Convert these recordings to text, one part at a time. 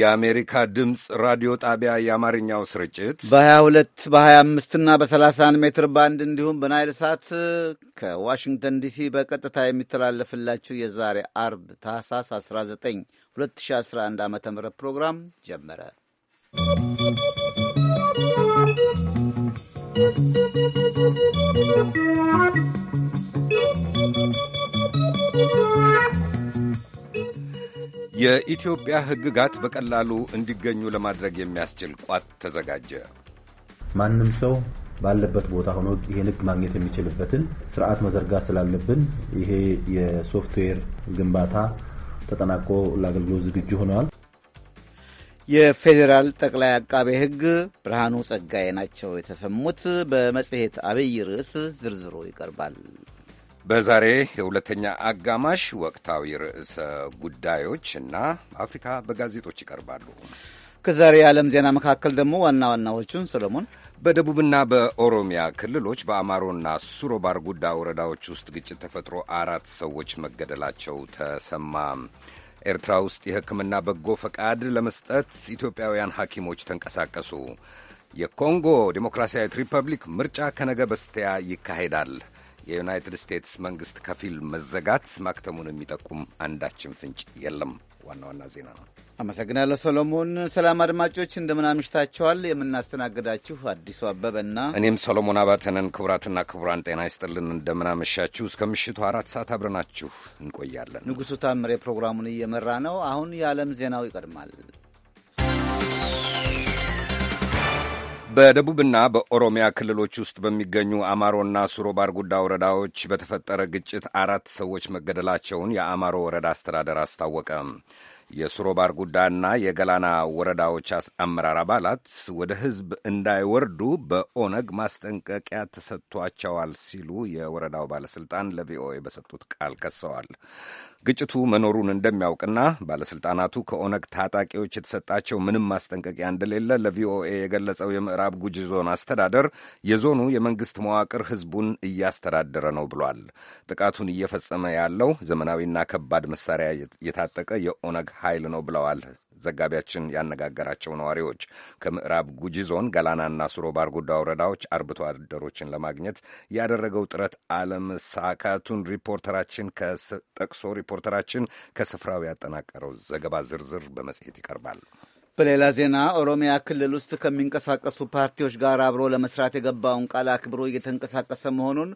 የአሜሪካ ድምፅ ራዲዮ ጣቢያ የአማርኛው ስርጭት በ22 በ25 እና በ31 ሜትር ባንድ እንዲሁም በናይል ሳት ከዋሽንግተን ዲሲ በቀጥታ የሚተላለፍላችሁ የዛሬ አርብ ታህሳስ 19 2011 ዓ ም ፕሮግራም ጀመረ። ¶¶ የኢትዮጵያ ሕግጋት በቀላሉ እንዲገኙ ለማድረግ የሚያስችል ቋት ተዘጋጀ። ማንም ሰው ባለበት ቦታ ሆኖ ይሄን ሕግ ማግኘት የሚችልበትን ስርዓት መዘርጋት ስላለብን ይሄ የሶፍትዌር ግንባታ ተጠናቆ ለአገልግሎት ዝግጁ ሆነዋል። የፌዴራል ጠቅላይ አቃቤ ሕግ ብርሃኑ ጸጋዬ ናቸው የተሰሙት። በመጽሔት አብይ ርዕስ ዝርዝሩ ይቀርባል። በዛሬ የሁለተኛ አጋማሽ ወቅታዊ ርዕሰ ጉዳዮች እና አፍሪካ በጋዜጦች ይቀርባሉ። ከዛሬ የዓለም ዜና መካከል ደግሞ ዋና ዋናዎቹን ሰለሞን፣ በደቡብና በኦሮሚያ ክልሎች በአማሮና ሱሮባር ጉዳ ወረዳዎች ውስጥ ግጭት ተፈጥሮ አራት ሰዎች መገደላቸው ተሰማ። ኤርትራ ውስጥ የሕክምና በጎ ፈቃድ ለመስጠት ኢትዮጵያውያን ሐኪሞች ተንቀሳቀሱ። የኮንጎ ዴሞክራሲያዊት ሪፐብሊክ ምርጫ ከነገ በስቲያ ይካሄዳል። የዩናይትድ ስቴትስ መንግስት ከፊል መዘጋት ማክተሙን የሚጠቁም አንዳችን ፍንጭ የለም። ዋና ዋና ዜና ነው። አመሰግናለሁ ሰሎሞን። ሰላም አድማጮች፣ እንደምናምሽታችኋል። የምናስተናግዳችሁ አዲሱ አበበና እኔም ሰሎሞን አባተነን። ክቡራትና ክቡራን ጤና ይስጥልን፣ እንደምናመሻችሁ። እስከ ምሽቱ አራት ሰዓት አብረናችሁ እንቆያለን። ንጉሡ ታምሬ ፕሮግራሙን እየመራ ነው። አሁን የዓለም ዜናው ይቀድማል። በደቡብና በኦሮሚያ ክልሎች ውስጥ በሚገኙ አማሮና ባርጉዳ ወረዳዎች በተፈጠረ ግጭት አራት ሰዎች መገደላቸውን የአማሮ ወረዳ አስተዳደር አስታወቀ። የሱሮባርጉዳና የገላና ወረዳዎች አመራር አባላት ወደ ሕዝብ እንዳይወርዱ በኦነግ ማስጠንቀቂያ ተሰጥቷቸዋል ሲሉ የወረዳው ባለሥልጣን ለቪኦኤ በሰጡት ቃል ከሰዋል። ግጭቱ መኖሩን እንደሚያውቅና ባለሥልጣናቱ ከኦነግ ታጣቂዎች የተሰጣቸው ምንም ማስጠንቀቂያ እንደሌለ ለቪኦኤ የገለጸው የምዕራብ ጉጂ ዞን አስተዳደር የዞኑ የመንግሥት መዋቅር ሕዝቡን እያስተዳደረ ነው ብሏል። ጥቃቱን እየፈጸመ ያለው ዘመናዊና ከባድ መሳሪያ የታጠቀ የኦነግ ኃይል ነው ብለዋል ዘጋቢያችን ያነጋገራቸው ነዋሪዎች ከምዕራብ ጉጂ ዞን ገላናና ሱሮ ባርጉዳ ወረዳዎች አርብቶ አደሮችን ለማግኘት ያደረገው ጥረት አለመሳካቱን ሪፖርተራችን ጠቅሶ ሪፖርተራችን ከስፍራው ያጠናቀረው ዘገባ ዝርዝር በመጽሔት ይቀርባል። በሌላ ዜና ኦሮሚያ ክልል ውስጥ ከሚንቀሳቀሱ ፓርቲዎች ጋር አብሮ ለመስራት የገባውን ቃል አክብሮ እየተንቀሳቀሰ መሆኑን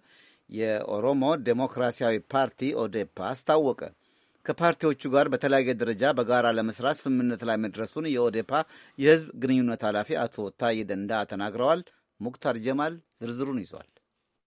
የኦሮሞ ዴሞክራሲያዊ ፓርቲ ኦዴፓ አስታወቀ። ከፓርቲዎቹ ጋር በተለያየ ደረጃ በጋራ ለመስራት ስምምነት ላይ መድረሱን የኦዴፓ የህዝብ ግንኙነት ኃላፊ አቶ ታዬ ደንዳ ተናግረዋል። ሙክታር ጀማል ዝርዝሩን ይዟል።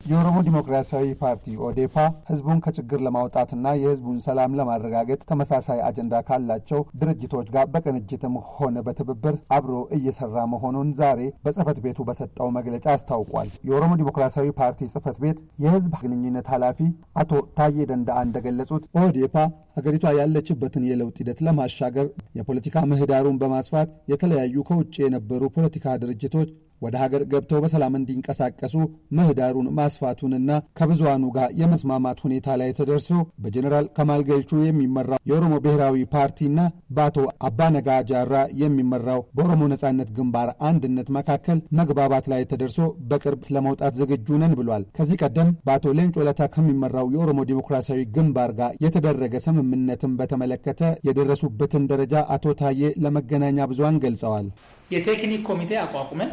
የኦሮሞ ዲሞክራሲያዊ ፓርቲ ኦዴፓ ህዝቡን ከችግር ለማውጣትና የህዝቡን ሰላም ለማረጋገጥ ተመሳሳይ አጀንዳ ካላቸው ድርጅቶች ጋር በቅንጅትም ሆነ በትብብር አብሮ እየሰራ መሆኑን ዛሬ በጽህፈት ቤቱ በሰጠው መግለጫ አስታውቋል። የኦሮሞ ዲሞክራሲያዊ ፓርቲ ጽህፈት ቤት የህዝብ ግንኙነት ኃላፊ አቶ ታዬ ደንዳአ እንደገለጹት ኦዴፓ ሀገሪቷ ያለችበትን የለውጥ ሂደት ለማሻገር የፖለቲካ ምህዳሩን በማስፋት የተለያዩ ከውጭ የነበሩ ፖለቲካ ድርጅቶች ወደ ሀገር ገብተው በሰላም እንዲንቀሳቀሱ ምህዳሩን ማስፋቱንና ከብዙሃኑ ጋር የመስማማት ሁኔታ ላይ ተደርሶ በጀኔራል ከማል ገልቹ የሚመራው የኦሮሞ ብሔራዊ ፓርቲና በአቶ አባነጋ ጃራ የሚመራው በኦሮሞ ነጻነት ግንባር አንድነት መካከል መግባባት ላይ ተደርሶ በቅርብ ለመውጣት ዝግጁ ነን ብሏል። ከዚህ ቀደም በአቶ ሌንጮ ለታ ከሚመራው የኦሮሞ ዴሞክራሲያዊ ግንባር ጋር የተደረገ ስምምነትን በተመለከተ የደረሱበትን ደረጃ አቶ ታዬ ለመገናኛ ብዙሃን ገልጸዋል። የቴክኒክ ኮሚቴ አቋቁመን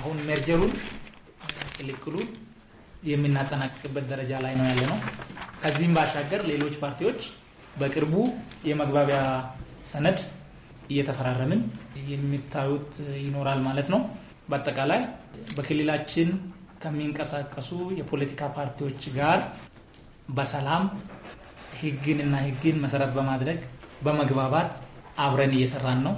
አሁን ሜርጀሩን ክልክሉን የምናጠናቅቅበት ደረጃ ላይ ነው ያለ ነው። ከዚህም ባሻገር ሌሎች ፓርቲዎች በቅርቡ የመግባቢያ ሰነድ እየተፈራረምን የሚታዩት ይኖራል ማለት ነው። በአጠቃላይ በክልላችን ከሚንቀሳቀሱ የፖለቲካ ፓርቲዎች ጋር በሰላም እና ህግን መሰረት በማድረግ በመግባባት አብረን እየሰራን ነው።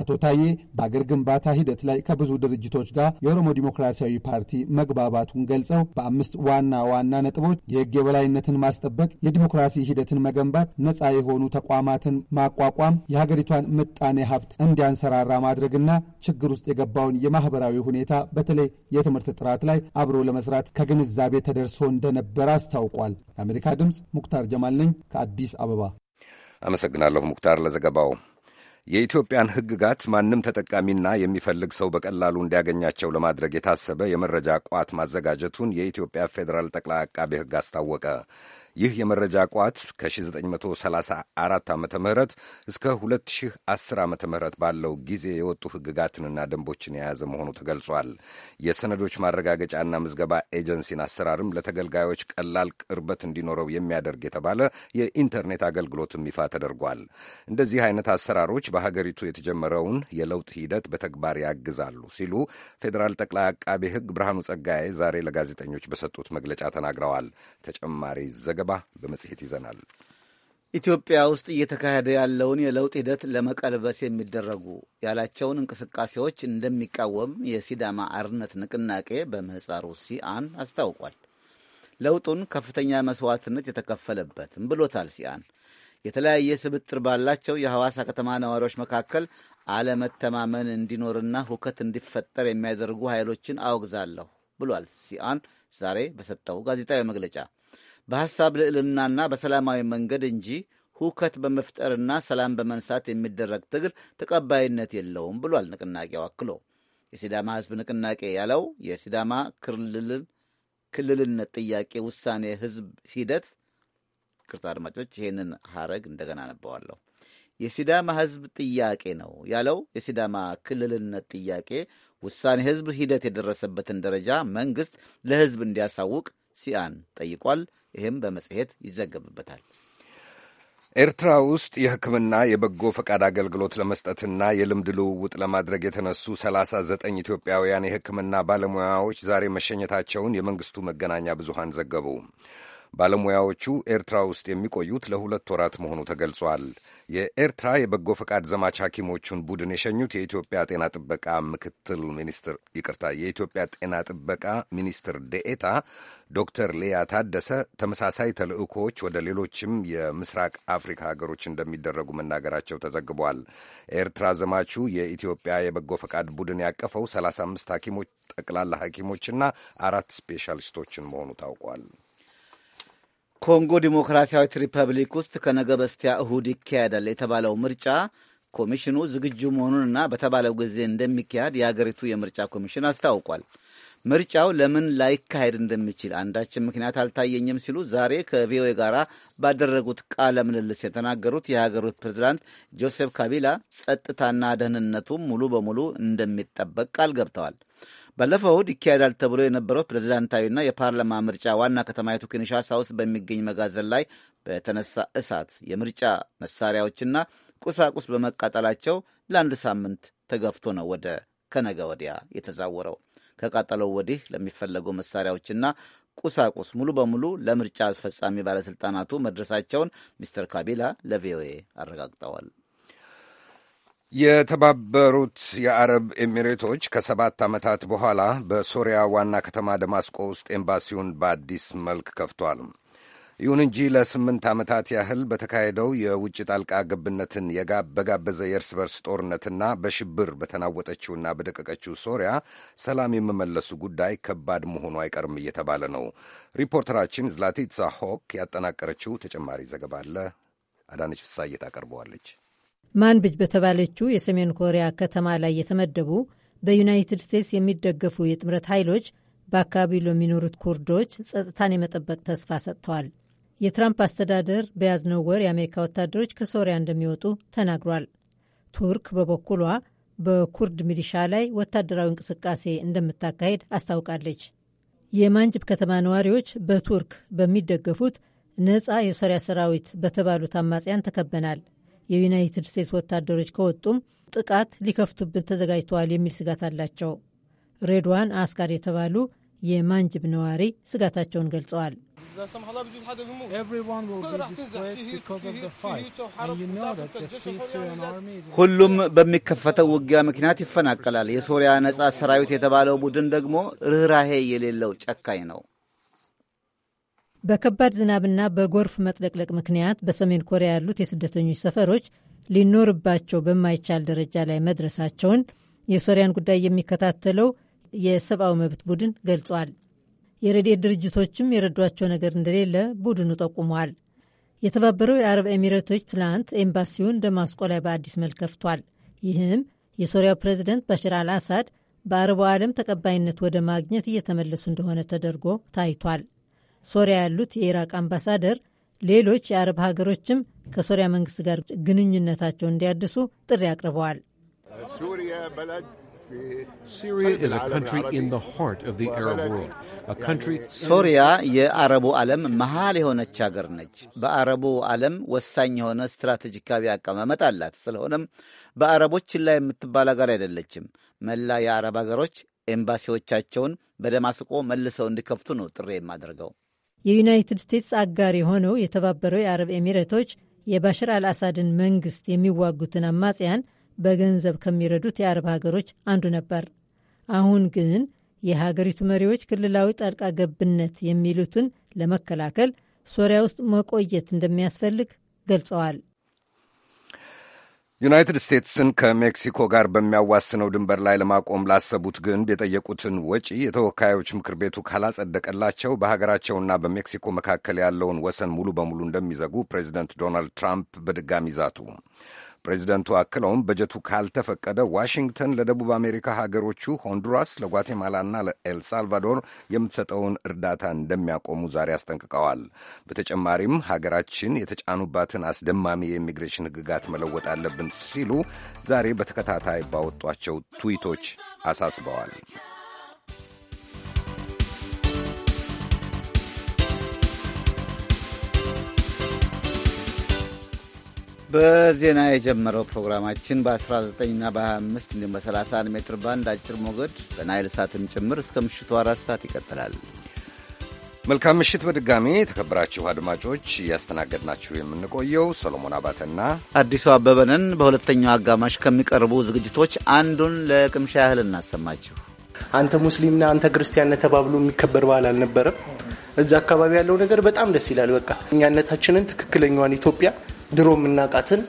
አቶ ታዬ በአገር ግንባታ ሂደት ላይ ከብዙ ድርጅቶች ጋር የኦሮሞ ዲሞክራሲያዊ ፓርቲ መግባባቱን ገልጸው በአምስት ዋና ዋና ነጥቦች የህግ የበላይነትን ማስጠበቅ፣ የዲሞክራሲ ሂደትን መገንባት፣ ነፃ የሆኑ ተቋማትን ማቋቋም፣ የሀገሪቷን ምጣኔ ሀብት እንዲያንሰራራ ማድረግና ችግር ውስጥ የገባውን የማህበራዊ ሁኔታ በተለይ የትምህርት ጥራት ላይ አብሮ ለመስራት ከግንዛቤ ተደርሶ እንደነበረ አስታውቋል። የአሜሪካ ድምፅ ሙክታር ጀማል ነኝ ከአዲስ አበባ። አመሰግናለሁ ሙክታር ለዘገባው። የኢትዮጵያን ሕግጋት ማንም ተጠቃሚና የሚፈልግ ሰው በቀላሉ እንዲያገኛቸው ለማድረግ የታሰበ የመረጃ ቋት ማዘጋጀቱን የኢትዮጵያ ፌዴራል ጠቅላይ አቃቤ ሕግ አስታወቀ። ይህ የመረጃ ቋት ከ1934 ዓ ም እስከ 2010 ዓ ም ባለው ጊዜ የወጡ ሕግጋትንና ደንቦችን የያዘ መሆኑ ተገልጿል። የሰነዶች ማረጋገጫና ምዝገባ ኤጀንሲን አሰራርም ለተገልጋዮች ቀላል ቅርበት እንዲኖረው የሚያደርግ የተባለ የኢንተርኔት አገልግሎትም ይፋ ተደርጓል። እንደዚህ አይነት አሰራሮች በሀገሪቱ የተጀመረውን የለውጥ ሂደት በተግባር ያግዛሉ ሲሉ ፌዴራል ጠቅላይ አቃቤ ሕግ ብርሃኑ ጸጋዬ ዛሬ ለጋዜጠኞች በሰጡት መግለጫ ተናግረዋል። ተጨማሪ ዘገ ዘገባ በመጽሔት ይዘናል። ኢትዮጵያ ውስጥ እየተካሄደ ያለውን የለውጥ ሂደት ለመቀልበስ የሚደረጉ ያላቸውን እንቅስቃሴዎች እንደሚቃወም የሲዳማ አርነት ንቅናቄ በምህፃሩ ሲአን አስታውቋል። ለውጡን ከፍተኛ መስዋዕትነት የተከፈለበትም ብሎታል ሲአን። የተለያየ ስብጥር ባላቸው የሐዋሳ ከተማ ነዋሪዎች መካከል አለመተማመን እንዲኖርና ሁከት እንዲፈጠር የሚያደርጉ ኃይሎችን አወግዛለሁ ብሏል ሲአን ዛሬ በሰጠው ጋዜጣዊ መግለጫ በሐሳብ ልዕልናና በሰላማዊ መንገድ እንጂ ሁከት በመፍጠርና ሰላም በመንሳት የሚደረግ ትግል ተቀባይነት የለውም ብሏል። ንቅናቄው አክሎ የሲዳማ ህዝብ ንቅናቄ ያለው የሲዳማ ክልልነት ጥያቄ ውሳኔ ህዝብ ሂደት ይቅርታ አድማጮች፣ ይህንን ሀረግ እንደገና አነበዋለሁ። የሲዳማ ህዝብ ጥያቄ ነው ያለው የሲዳማ ክልልነት ጥያቄ ውሳኔ ህዝብ ሂደት የደረሰበትን ደረጃ መንግስት ለህዝብ እንዲያሳውቅ ሲአን ጠይቋል። ይህም በመጽሔት ይዘገብበታል። ኤርትራ ውስጥ የሕክምና የበጎ ፈቃድ አገልግሎት ለመስጠትና የልምድ ልውውጥ ለማድረግ የተነሱ ሰላሳ ዘጠኝ ኢትዮጵያውያን የሕክምና ባለሙያዎች ዛሬ መሸኘታቸውን የመንግሥቱ መገናኛ ብዙሃን ዘገቡ። ባለሙያዎቹ ኤርትራ ውስጥ የሚቆዩት ለሁለት ወራት መሆኑ ተገልጿል። የኤርትራ የበጎ ፈቃድ ዘማች ሐኪሞቹን ቡድን የሸኙት የኢትዮጵያ ጤና ጥበቃ ምክትል ሚኒስትር ይቅርታ፣ የኢትዮጵያ ጤና ጥበቃ ሚኒስትር ደኤታ ዶክተር ሌያ ታደሰ ተመሳሳይ ተልእኮዎች ወደ ሌሎችም የምስራቅ አፍሪካ ሀገሮች እንደሚደረጉ መናገራቸው ተዘግቧል። ኤርትራ ዘማቹ የኢትዮጵያ የበጎ ፈቃድ ቡድን ያቀፈው 35 ሐኪሞች ጠቅላላ ሐኪሞችና አራት ስፔሻሊስቶችን መሆኑ ታውቋል። ኮንጎ ዲሞክራሲያዊት ሪፐብሊክ ውስጥ ከነገ በስቲያ እሁድ ይካሄዳል የተባለው ምርጫ ኮሚሽኑ ዝግጁ መሆኑንና በተባለው ጊዜ እንደሚካሄድ የአገሪቱ የምርጫ ኮሚሽን አስታውቋል። ምርጫው ለምን ላይካሄድ እንደሚችል አንዳችን ምክንያት አልታየኝም ሲሉ ዛሬ ከቪኦኤ ጋር ባደረጉት ቃለ ምልልስ የተናገሩት የሀገሪቱ ፕሬዚዳንት ጆሴፍ ካቢላ ጸጥታና ደህንነቱም ሙሉ በሙሉ እንደሚጠበቅ ቃል ገብተዋል። ባለፈው እሁድ ይካሄዳል ተብሎ የነበረው ፕሬዚዳንታዊና የፓርላማ ምርጫ ዋና ከተማይቱ ኪንሻሳ ውስጥ በሚገኝ መጋዘን ላይ በተነሳ እሳት የምርጫ መሳሪያዎችና ቁሳቁስ በመቃጠላቸው ለአንድ ሳምንት ተገፍቶ ነው ወደ ከነገ ወዲያ የተዛወረው። ከቃጠለው ወዲህ ለሚፈለጉ መሳሪያዎችና ቁሳቁስ ሙሉ በሙሉ ለምርጫ አስፈጻሚ ባለሥልጣናቱ መድረሳቸውን ሚስተር ካቢላ ለቪኦኤ አረጋግጠዋል። የተባበሩት የአረብ ኤሚሬቶች ከሰባት ዓመታት በኋላ በሶሪያ ዋና ከተማ ደማስቆ ውስጥ ኤምባሲውን በአዲስ መልክ ከፍቷል። ይሁን እንጂ ለስምንት ዓመታት ያህል በተካሄደው የውጭ ጣልቃ ገብነትን በጋበዘ የእርስ በርስ ጦርነትና በሽብር በተናወጠችውና በደቀቀችው ሶሪያ ሰላም የመመለሱ ጉዳይ ከባድ መሆኑ አይቀርም እየተባለ ነው። ሪፖርተራችን ዝላቲትሳ ሆክ ያጠናቀረችው ተጨማሪ ዘገባ አለ። አዳነች ፍሳየት አቀርበዋለች። ማንብጅ በተባለችው የሰሜን ኮሪያ ከተማ ላይ የተመደቡ በዩናይትድ ስቴትስ የሚደገፉ የጥምረት ኃይሎች በአካባቢው ለሚኖሩት ኩርዶች ጸጥታን የመጠበቅ ተስፋ ሰጥተዋል። የትራምፕ አስተዳደር በያዝነው ወር የአሜሪካ ወታደሮች ከሶሪያ እንደሚወጡ ተናግሯል። ቱርክ በበኩሏ በኩርድ ሚሊሻ ላይ ወታደራዊ እንቅስቃሴ እንደምታካሄድ አስታውቃለች። የማንጅብ ከተማ ነዋሪዎች በቱርክ በሚደገፉት ነፃ የሶሪያ ሰራዊት በተባሉት አማጽያን ተከበናል የዩናይትድ ስቴትስ ወታደሮች ከወጡም ጥቃት ሊከፍቱብን ተዘጋጅተዋል የሚል ስጋት አላቸው። ሬድዋን አስካር የተባሉ የማንጅብ ነዋሪ ስጋታቸውን ገልጸዋል። ሁሉም በሚከፈተው ውጊያ ምክንያት ይፈናቀላል። የሶሪያ ነጻ ሰራዊት የተባለው ቡድን ደግሞ ርኅራሄ የሌለው ጨካኝ ነው። በከባድ ዝናብና በጎርፍ መጥለቅለቅ ምክንያት በሰሜን ኮሪያ ያሉት የስደተኞች ሰፈሮች ሊኖርባቸው በማይቻል ደረጃ ላይ መድረሳቸውን የሶሪያን ጉዳይ የሚከታተለው የሰብአዊ መብት ቡድን ገልጿል። የረድኤት ድርጅቶችም የረዷቸው ነገር እንደሌለ ቡድኑ ጠቁሟል። የተባበረው የአረብ ኤሚሬቶች ትላንት ኤምባሲውን ደማስቆ ላይ በአዲስ መልክ ከፍቷል። ይህም የሶሪያው ፕሬዚደንት ባሽር አልአሳድ በአረቡ ዓለም ተቀባይነት ወደ ማግኘት እየተመለሱ እንደሆነ ተደርጎ ታይቷል። ሶሪያ ያሉት የኢራቅ አምባሳደር ሌሎች የአረብ ሀገሮችም ከሶሪያ መንግስት ጋር ግንኙነታቸው እንዲያድሱ ጥሪ አቅርበዋል። ሶሪያ የአረቡ ዓለም መሃል የሆነች አገር ነች። በአረቡ ዓለም ወሳኝ የሆነ ስትራቴጂካዊ አቀማመጥ አላት። ስለሆነም በአረቦች ላይ የምትባል ሀገር አይደለችም። መላ የአረብ አገሮች ኤምባሲዎቻቸውን በደማስቆ መልሰው እንዲከፍቱ ነው ጥሪ የማደርገው። የዩናይትድ ስቴትስ አጋር የሆነው የተባበረው የአረብ ኤሚሬቶች የባሽር አልአሳድን መንግስት የሚዋጉትን አማጽያን በገንዘብ ከሚረዱት የአረብ ሀገሮች አንዱ ነበር። አሁን ግን የሀገሪቱ መሪዎች ክልላዊ ጣልቃ ገብነት የሚሉትን ለመከላከል ሶሪያ ውስጥ መቆየት እንደሚያስፈልግ ገልጸዋል። ዩናይትድ ስቴትስን ከሜክሲኮ ጋር በሚያዋስነው ድንበር ላይ ለማቆም ላሰቡት ግንብ የጠየቁትን ወጪ የተወካዮች ምክር ቤቱ ካላጸደቀላቸው በሀገራቸውና በሜክሲኮ መካከል ያለውን ወሰን ሙሉ በሙሉ እንደሚዘጉ ፕሬዚደንት ዶናልድ ትራምፕ በድጋሚ ዛቱ። ፕሬዚደንቱ አክለውም በጀቱ ካልተፈቀደ ዋሽንግተን ለደቡብ አሜሪካ ሀገሮቹ ሆንዱራስ፣ ለጓቴማላና ለኤልሳልቫዶር የምትሰጠውን እርዳታ እንደሚያቆሙ ዛሬ አስጠንቅቀዋል። በተጨማሪም ሀገራችን የተጫኑባትን አስደማሚ የኢሚግሬሽን ሕግጋት መለወጥ አለብን ሲሉ ዛሬ በተከታታይ ባወጧቸው ትዊቶች አሳስበዋል። በዜና የጀመረው ፕሮግራማችን በ19ና በ25 እንዲሁም በ31 ሜትር ባንድ አጭር ሞገድ በናይል ሳትን ጭምር እስከ ምሽቱ አራት ሰዓት ይቀጥላል። መልካም ምሽት በድጋሚ የተከበራችሁ አድማጮች፣ እያስተናገድናችሁ የምንቆየው ሰሎሞን አባተና አዲሱ አበበንን በሁለተኛው አጋማሽ ከሚቀርቡ ዝግጅቶች አንዱን ለቅምሻ ያህል እናሰማችሁ። አንተ ሙስሊምና አንተ ክርስቲያን ተባብሎ የሚከበር በዓል አልነበረም። እዚ አካባቢ ያለው ነገር በጣም ደስ ይላል። በቃ እኛነታችንን ትክክለኛዋን ኢትዮጵያ ድሮ የምናውቃትን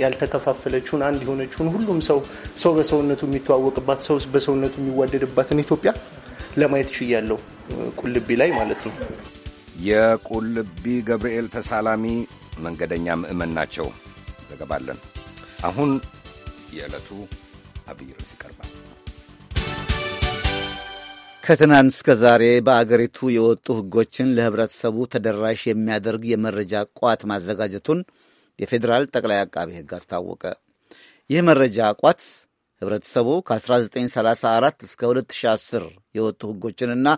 ያልተከፋፈለችውን አንድ የሆነችውን ሁሉም ሰው ሰው በሰውነቱ የሚተዋወቅባት ሰው በሰውነቱ የሚዋደድባትን ኢትዮጵያ ለማየት ችያለሁ። ቁልቢ ላይ ማለት ነው። የቁልቢ ገብርኤል ተሳላሚ መንገደኛ ምእመን ናቸው። ዘገባለን። አሁን የዕለቱ አብይ ርዕስ ይቀርባል። ከትናንት እስከ ዛሬ በአገሪቱ የወጡ ሕጎችን ለህብረተሰቡ ተደራሽ የሚያደርግ የመረጃ ቋት ማዘጋጀቱን የፌዴራል ጠቅላይ አቃቤ ሕግ አስታወቀ። ይህ መረጃ አቋት ህብረተሰቡ ከ1934 እስከ 2010 የወጡ ሕጎችንና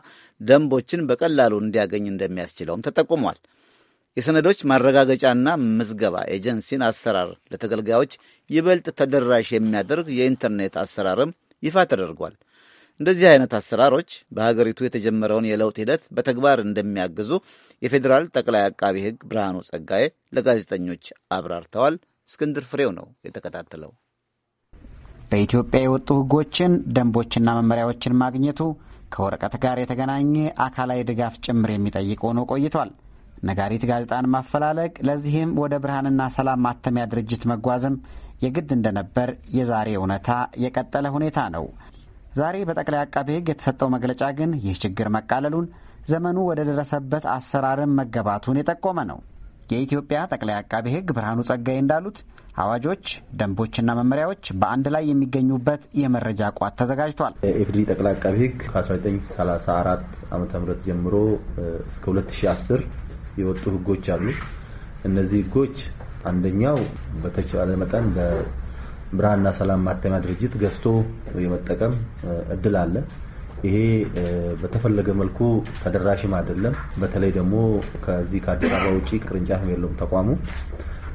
ደንቦችን በቀላሉ እንዲያገኝ እንደሚያስችለውም ተጠቁሟል። የሰነዶች ማረጋገጫና ምዝገባ ኤጀንሲን አሰራር ለተገልጋዮች ይበልጥ ተደራሽ የሚያደርግ የኢንተርኔት አሰራርም ይፋ ተደርጓል። እንደዚህ አይነት አሰራሮች በሀገሪቱ የተጀመረውን የለውጥ ሂደት በተግባር እንደሚያግዙ የፌዴራል ጠቅላይ አቃቢ ሕግ ብርሃኑ ጸጋዬ ለጋዜጠኞች አብራርተዋል። እስክንድር ፍሬው ነው የተከታተለው። በኢትዮጵያ የወጡ ሕጎችን ደንቦችና መመሪያዎችን ማግኘቱ ከወረቀት ጋር የተገናኘ አካላዊ ድጋፍ ጭምር የሚጠይቅ ሆኖ ቆይቷል። ነጋሪት ጋዜጣን ማፈላለግ ለዚህም ወደ ብርሃንና ሰላም ማተሚያ ድርጅት መጓዝም የግድ እንደነበር የዛሬ እውነታ የቀጠለ ሁኔታ ነው። ዛሬ በጠቅላይ አቃቤ ሕግ የተሰጠው መግለጫ ግን ይህ ችግር መቃለሉን ዘመኑ ወደ ደረሰበት አሰራርም መገባቱን የጠቆመ ነው። የኢትዮጵያ ጠቅላይ አቃቤ ሕግ ብርሃኑ ጸጋይ እንዳሉት አዋጆች፣ ደንቦችና መመሪያዎች በአንድ ላይ የሚገኙበት የመረጃ ቋት ተዘጋጅቷል። የኤፍዲሪ ጠቅላይ አቃቤ ሕግ ከ1934 ዓ ም ጀምሮ እስከ 2010 የወጡ ሕጎች አሉ። እነዚህ ህጎች አንደኛው በተቻለ መጠን ብርሃንና ሰላም ማተሚያ ድርጅት ገዝቶ የመጠቀም እድል አለ። ይሄ በተፈለገ መልኩ ተደራሽም አይደለም። በተለይ ደግሞ ከዚህ ከአዲስ አበባ ውጭ ቅርንጫፍ የለውም ተቋሙ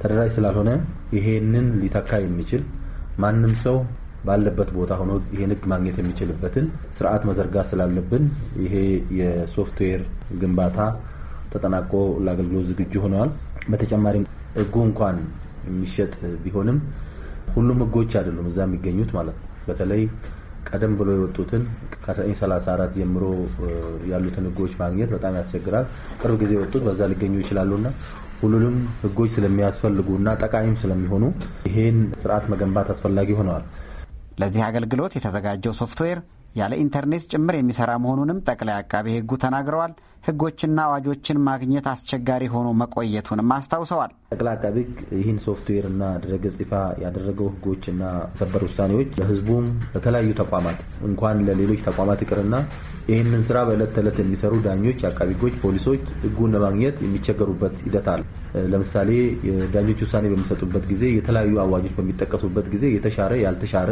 ተደራሽ ስላልሆነ ይሄንን ሊተካ የሚችል ማንም ሰው ባለበት ቦታ ሆኖ ይሄን ሕግ ማግኘት የሚችልበትን ስርዓት መዘርጋት ስላለብን ይሄ የሶፍትዌር ግንባታ ተጠናቆ ለአገልግሎት ዝግጁ ሆነዋል። በተጨማሪም ሕጉ እንኳን የሚሸጥ ቢሆንም ሁሉም ህጎች አይደሉም እዛ የሚገኙት ማለት ነው። በተለይ ቀደም ብሎ የወጡትን ከ1934 ጀምሮ ያሉትን ህጎች ማግኘት በጣም ያስቸግራል። ቅርብ ጊዜ የወጡት በዛ ሊገኙ ይችላሉና ሁሉንም ህጎች እና ጠቃሚም ስለሚሆኑ ይሄን ስርዓት መገንባት አስፈላጊ ሆነዋል። ለዚህ አገልግሎት የተዘጋጀው ሶፍትዌር ያለ ኢንተርኔት ጭምር የሚሰራ መሆኑንም ጠቅላይ አቃቤ ሕጉ ተናግረዋል። ሕጎችና አዋጆችን ማግኘት አስቸጋሪ ሆኖ መቆየቱንም አስታውሰዋል። ጠቅላይ አቃቤ ሕግ ይህን ሶፍትዌርና ድረገጽ ይፋ ያደረገው ሕጎችና ሰበር ውሳኔዎች ለሕዝቡም ለተለያዩ ተቋማት እንኳን ለሌሎች ተቋማት ይቅርና ይህንን ስራ በዕለት ተዕለት የሚሰሩ ዳኞች፣ አቃቢ ህጎች ፖሊሶች ህጉን ለማግኘት የሚቸገሩበት ሂደት አለ። ለምሳሌ ዳኞች ውሳኔ በሚሰጡበት ጊዜ የተለያዩ አዋጆች በሚጠቀሱበት ጊዜ የተሻረ ያልተሻረ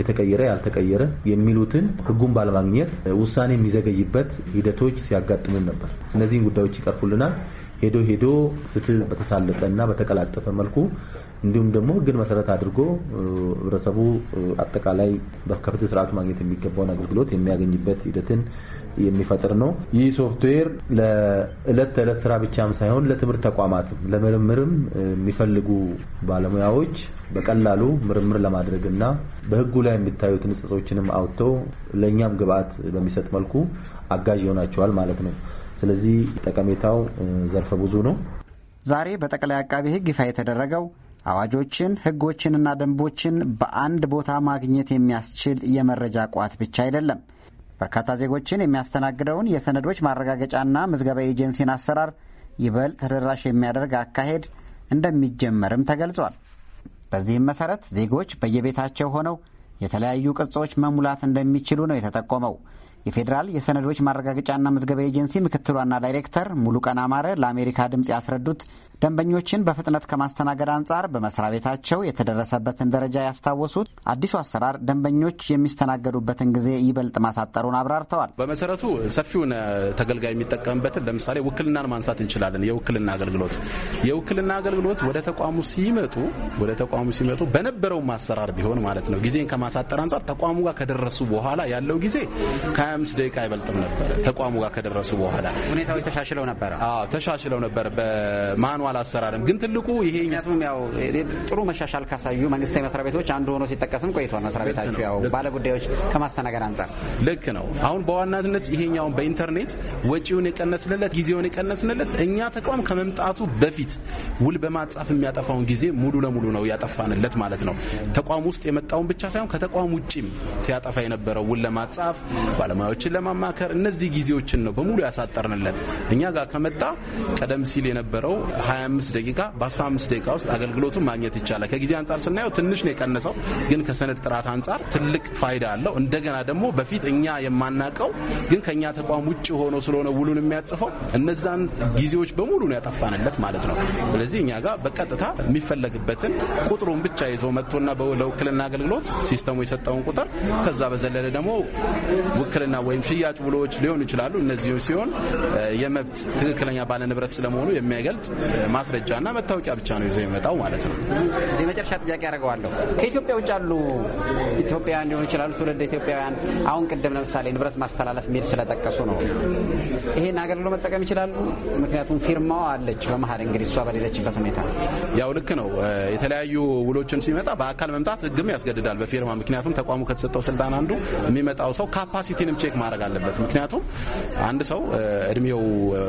የተቀየረ ያልተቀየረ የሚሉትን ህጉን ባለማግኘት ውሳኔ የሚዘገይበት ሂደቶች ሲያጋጥሙን ነበር። እነዚህን ጉዳዮች ይቀርፉልናል። ሄዶ ሄዶ ፍትህ በተሳለጠና በተቀላጠፈ መልኩ እንዲሁም ደግሞ ህግን መሰረት አድርጎ ህብረተሰቡ አጠቃላይ ከፍትህ ስርዓቱ ማግኘት የሚገባውን አገልግሎት የሚያገኝበት ሂደትን የሚፈጥር ነው። ይህ ሶፍትዌር ለእለት ተዕለት ስራ ብቻም ሳይሆን ለትምህርት ተቋማትም ለምርምርም የሚፈልጉ ባለሙያዎች በቀላሉ ምርምር ለማድረግ እና በህጉ ላይ የሚታዩትን ንጽጾችንም አውጥቶ ለእኛም ግብአት በሚሰጥ መልኩ አጋዥ ይሆናቸዋል ማለት ነው። ስለዚህ ጠቀሜታው ዘርፈ ብዙ ነው። ዛሬ በጠቅላይ አቃቤ ህግ ይፋ የተደረገው አዋጆችን ህጎችንና ደንቦችን በአንድ ቦታ ማግኘት የሚያስችል የመረጃ ቋት ብቻ አይደለም። በርካታ ዜጎችን የሚያስተናግደውን የሰነዶች ማረጋገጫና ምዝገባ ኤጀንሲን አሰራር ይበልጥ ተደራሽ የሚያደርግ አካሄድ እንደሚጀመርም ተገልጿል። በዚህም መሰረት ዜጎች በየቤታቸው ሆነው የተለያዩ ቅጾች መሙላት እንደሚችሉ ነው የተጠቆመው። የፌዴራል የሰነዶች ማረጋገጫና ምዝገባ ኤጀንሲ ምክትል ዋና ዳይሬክተር ሙሉቀን አማረ ለአሜሪካ ድምፅ ያስረዱት ደንበኞችን በፍጥነት ከማስተናገድ አንጻር በመስሪያ ቤታቸው የተደረሰበትን ደረጃ ያስታወሱት አዲሱ አሰራር ደንበኞች የሚስተናገዱበትን ጊዜ ይበልጥ ማሳጠሩን አብራርተዋል። በመሰረቱ ሰፊውን ተገልጋይ የሚጠቀምበትን ለምሳሌ ውክልናን ማንሳት እንችላለን። የውክልና አገልግሎት የውክልና አገልግሎት ወደ ተቋሙ ሲመጡ ወደ ተቋሙ ሲመጡ በነበረውም አሰራር ቢሆን ማለት ነው ጊዜን ከማሳጠር አንጻር ተቋሙ ጋር ከደረሱ በኋላ ያለው ጊዜ ከ25 ደቂቃ አይበልጥም ነበረ። ተቋሙ ጋር ከደረሱ በኋላ ሁኔታዎች ተሻሽለው ነበረ ተሻሽለው ነበር በማኑዋል አላሰራርም። ግን ትልቁ ይሄ ምክንያቱም ያው ጥሩ መሻሻል ካሳዩ መንግስታዊ መስሪያ ቤቶች አንዱ ሆኖ ሲጠቀስም ቆይቷል። መስሪያ ቤታችሁ ያው ባለጉዳዮች ከማስተናገድ አንጻር ልክ ነው። አሁን በዋናነት ይሄኛውን በኢንተርኔት ወጪውን የቀነስንለት፣ ጊዜውን የቀነስንለት እኛ ተቋም ከመምጣቱ በፊት ውል በማጻፍ የሚያጠፋውን ጊዜ ሙሉ ለሙሉ ነው ያጠፋንለት ማለት ነው። ተቋም ውስጥ የመጣውን ብቻ ሳይሆን ከተቋም ውጭም ሲያጠፋ የነበረው ውል ለማጻፍ ባለሙያዎችን ለማማከር እነዚህ ጊዜዎችን ነው በሙሉ ያሳጠርንለት። እኛ ጋር ከመጣ ቀደም ሲል የነበረው 25 ደቂቃ በ15 ደቂቃ ውስጥ አገልግሎቱን ማግኘት ይቻላል። ከጊዜ አንጻር ስናየው ትንሽ ነው የቀነሰው፣ ግን ከሰነድ ጥራት አንጻር ትልቅ ፋይዳ አለው። እንደገና ደግሞ በፊት እኛ የማናቀው ግን ከእኛ ተቋም ውጭ ሆኖ ስለሆነ ውሉን የሚያጽፈው እነዛን ጊዜዎች በሙሉ ነው ያጠፋንለት ማለት ነው። ስለዚህ እኛ ጋር በቀጥታ የሚፈለግበትን ቁጥሩን ብቻ ይዞ መጥቶና ለውክልና አገልግሎት ሲስተሙ የሰጠውን ቁጥር ከዛ በዘለለ ደግሞ ውክልና ወይም ሽያጭ ውሎዎች ሊሆኑ ይችላሉ። እነዚህ ሲሆን የመብት ትክክለኛ ባለ ንብረት ስለመሆኑ የሚያገልጽ። ማስረጃና መታወቂያ ብቻ ነው ይዞ የሚመጣው ማለት ነው። የመጨረሻ ጥያቄ ያደርገዋለሁ። ከኢትዮጵያ ውጭ አሉ ኢትዮጵያውያን ሊሆኑ ይችላሉ፣ ትውልድ ኢትዮጵያውያን። አሁን ቅድም ለምሳሌ ንብረት ማስተላለፍ የሚል ስለጠቀሱ ነው። ይሄን አገልግሎ መጠቀም ይችላሉ። ምክንያቱም ፊርማዋ አለች በመሀል እንግዲህ እሷ በሌለችበት ሁኔታ ያው ልክ ነው። የተለያዩ ውሎችን ሲመጣ በአካል መምጣት ህግም ያስገድዳል በፊርማ ምክንያቱም ተቋሙ ከተሰጠው ስልጣን አንዱ የሚመጣው ሰው ካፓሲቲንም ቼክ ማድረግ አለበት። ምክንያቱም አንድ ሰው እድሜው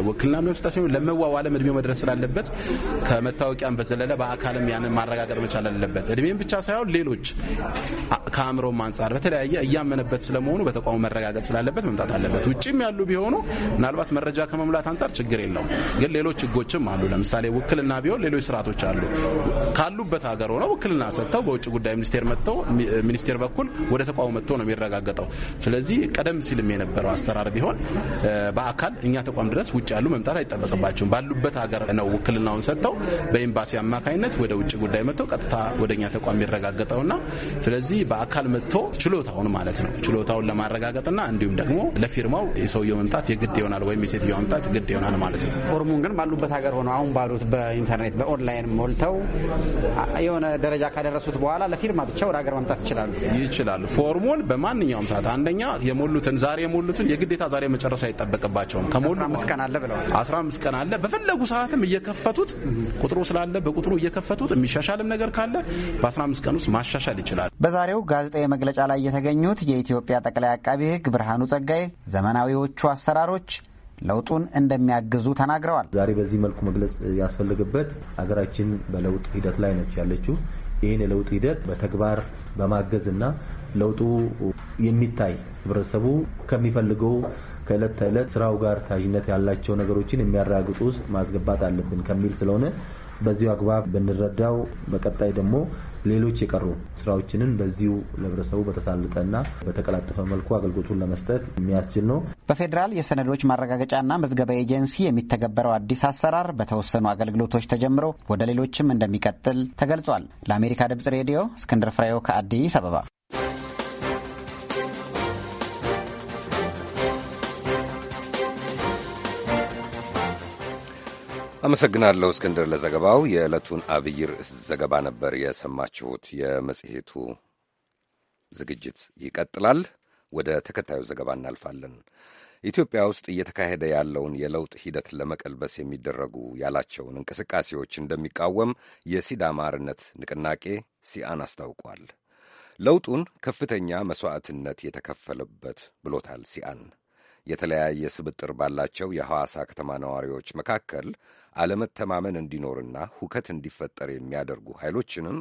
ውክልና መስጠት ለመዋዋለም እድሜው መድረስ ስላለበት አለበት። ከመታወቂያም በዘለለ በአካልም ያንን ማረጋገጥ መቻል አለበት። እድሜም ብቻ ሳይሆን ሌሎች ከአእምሮም አንጻር በተለያየ እያመነበት ስለመሆኑ በተቋሙ መረጋገጥ ስላለበት መምጣት አለበት። ውጭም ያሉ ቢሆኑ ምናልባት መረጃ ከመሙላት አንጻር ችግር የለው ግን ሌሎች ህጎችም አሉ። ለምሳሌ ውክልና ቢሆን ሌሎች ስርዓቶች አሉ። ካሉበት ሀገር ሆነው ውክልና ሰጥተው በውጭ ጉዳይ ሚኒስቴር መጥተው ሚኒስቴር በኩል ወደ ተቋሙ መጥቶ ነው የሚረጋገጠው። ስለዚህ ቀደም ሲልም የነበረው አሰራር ቢሆን በአካል እኛ ተቋም ድረስ ውጭ ያሉ መምጣት አይጠበቅባቸውም። ባሉበት ሀገር ነው ውክል ውክልናውን ሰጥተው በኤምባሲ አማካኝነት ወደ ውጭ ጉዳይ መጥተው ቀጥታ ወደኛ ተቋም የሚረጋገጠውና ስለዚህ በአካል መጥቶ ችሎታውን ማለት ነው ችሎታውን ለማረጋገጥና እንዲሁም ደግሞ ለፊርማው የሰውየው መምጣት የግድ ይሆናል ወይም የሴትዮዋ መምጣት ግድ ይሆናል ማለት ነው። ፎርሙን ግን ባሉበት ሀገር ሆነው አሁን ባሉት በኢንተርኔት በኦንላይን ሞልተው የሆነ ደረጃ ካደረሱት በኋላ ለፊርማ ብቻ ወደ ሀገር መምጣት ይችላሉ ይችላሉ። ፎርሙን በማንኛውም ሰዓት አንደኛ የሞሉትን ዛሬ የሞሉትን የግዴታ ዛሬ መጨረስ አይጠበቅባቸውም። ከሞሉ አስራ አምስት ቀን አለ ብለዋል። አስራ አምስት ቀን አለ በፈለጉ ሰዓትም እየከፍ እየከፈቱት ቁጥሩ ስላለ በቁጥሩ እየከፈቱት የሚሻሻልም ነገር ካለ በ15 ቀን ውስጥ ማሻሻል ይችላል። በዛሬው ጋዜጣዊ መግለጫ ላይ የተገኙት የኢትዮጵያ ጠቅላይ አቃቢ ሕግ ብርሃኑ ጸጋዬ ዘመናዊዎቹ አሰራሮች ለውጡን እንደሚያግዙ ተናግረዋል። ዛሬ በዚህ መልኩ መግለጽ ያስፈልግበት ሀገራችን በለውጥ ሂደት ላይ ነች ያለችው። ይህን የለውጥ ሂደት በተግባር በማገዝ እና ለውጡ የሚታይ ህብረተሰቡ ከሚፈልገው ከእለት ተዕለት ስራው ጋር ታዥነት ያላቸው ነገሮችን የሚያረጋግጡ ውስጥ ማስገባት አለብን ከሚል ስለሆነ በዚሁ አግባብ ብንረዳው በቀጣይ ደግሞ ሌሎች የቀሩ ስራዎችንን በዚሁ ለህብረተሰቡ በተሳለጠና በተቀላጠፈ መልኩ አገልግሎቱን ለመስጠት የሚያስችል ነው። በፌዴራል የሰነዶች ማረጋገጫና መዝገባ ኤጀንሲ የሚተገበረው አዲስ አሰራር በተወሰኑ አገልግሎቶች ተጀምሮ ወደ ሌሎችም እንደሚቀጥል ተገልጿል። ለአሜሪካ ድምጽ ሬዲዮ እስክንድር ፍሬው ከአዲስ አበባ አመሰግናለሁ እስክንድር ለዘገባው። የዕለቱን አብይ ርዕስ ዘገባ ነበር የሰማችሁት። የመጽሔቱ ዝግጅት ይቀጥላል። ወደ ተከታዩ ዘገባ እናልፋለን። ኢትዮጵያ ውስጥ እየተካሄደ ያለውን የለውጥ ሂደት ለመቀልበስ የሚደረጉ ያላቸውን እንቅስቃሴዎች እንደሚቃወም የሲዳማ አርነት ንቅናቄ ሲአን አስታውቋል። ለውጡን ከፍተኛ መሥዋዕትነት የተከፈለበት ብሎታል ሲአን የተለያየ ስብጥር ባላቸው የሐዋሳ ከተማ ነዋሪዎች መካከል አለመተማመን እንዲኖርና ሁከት እንዲፈጠር የሚያደርጉ ኃይሎችንም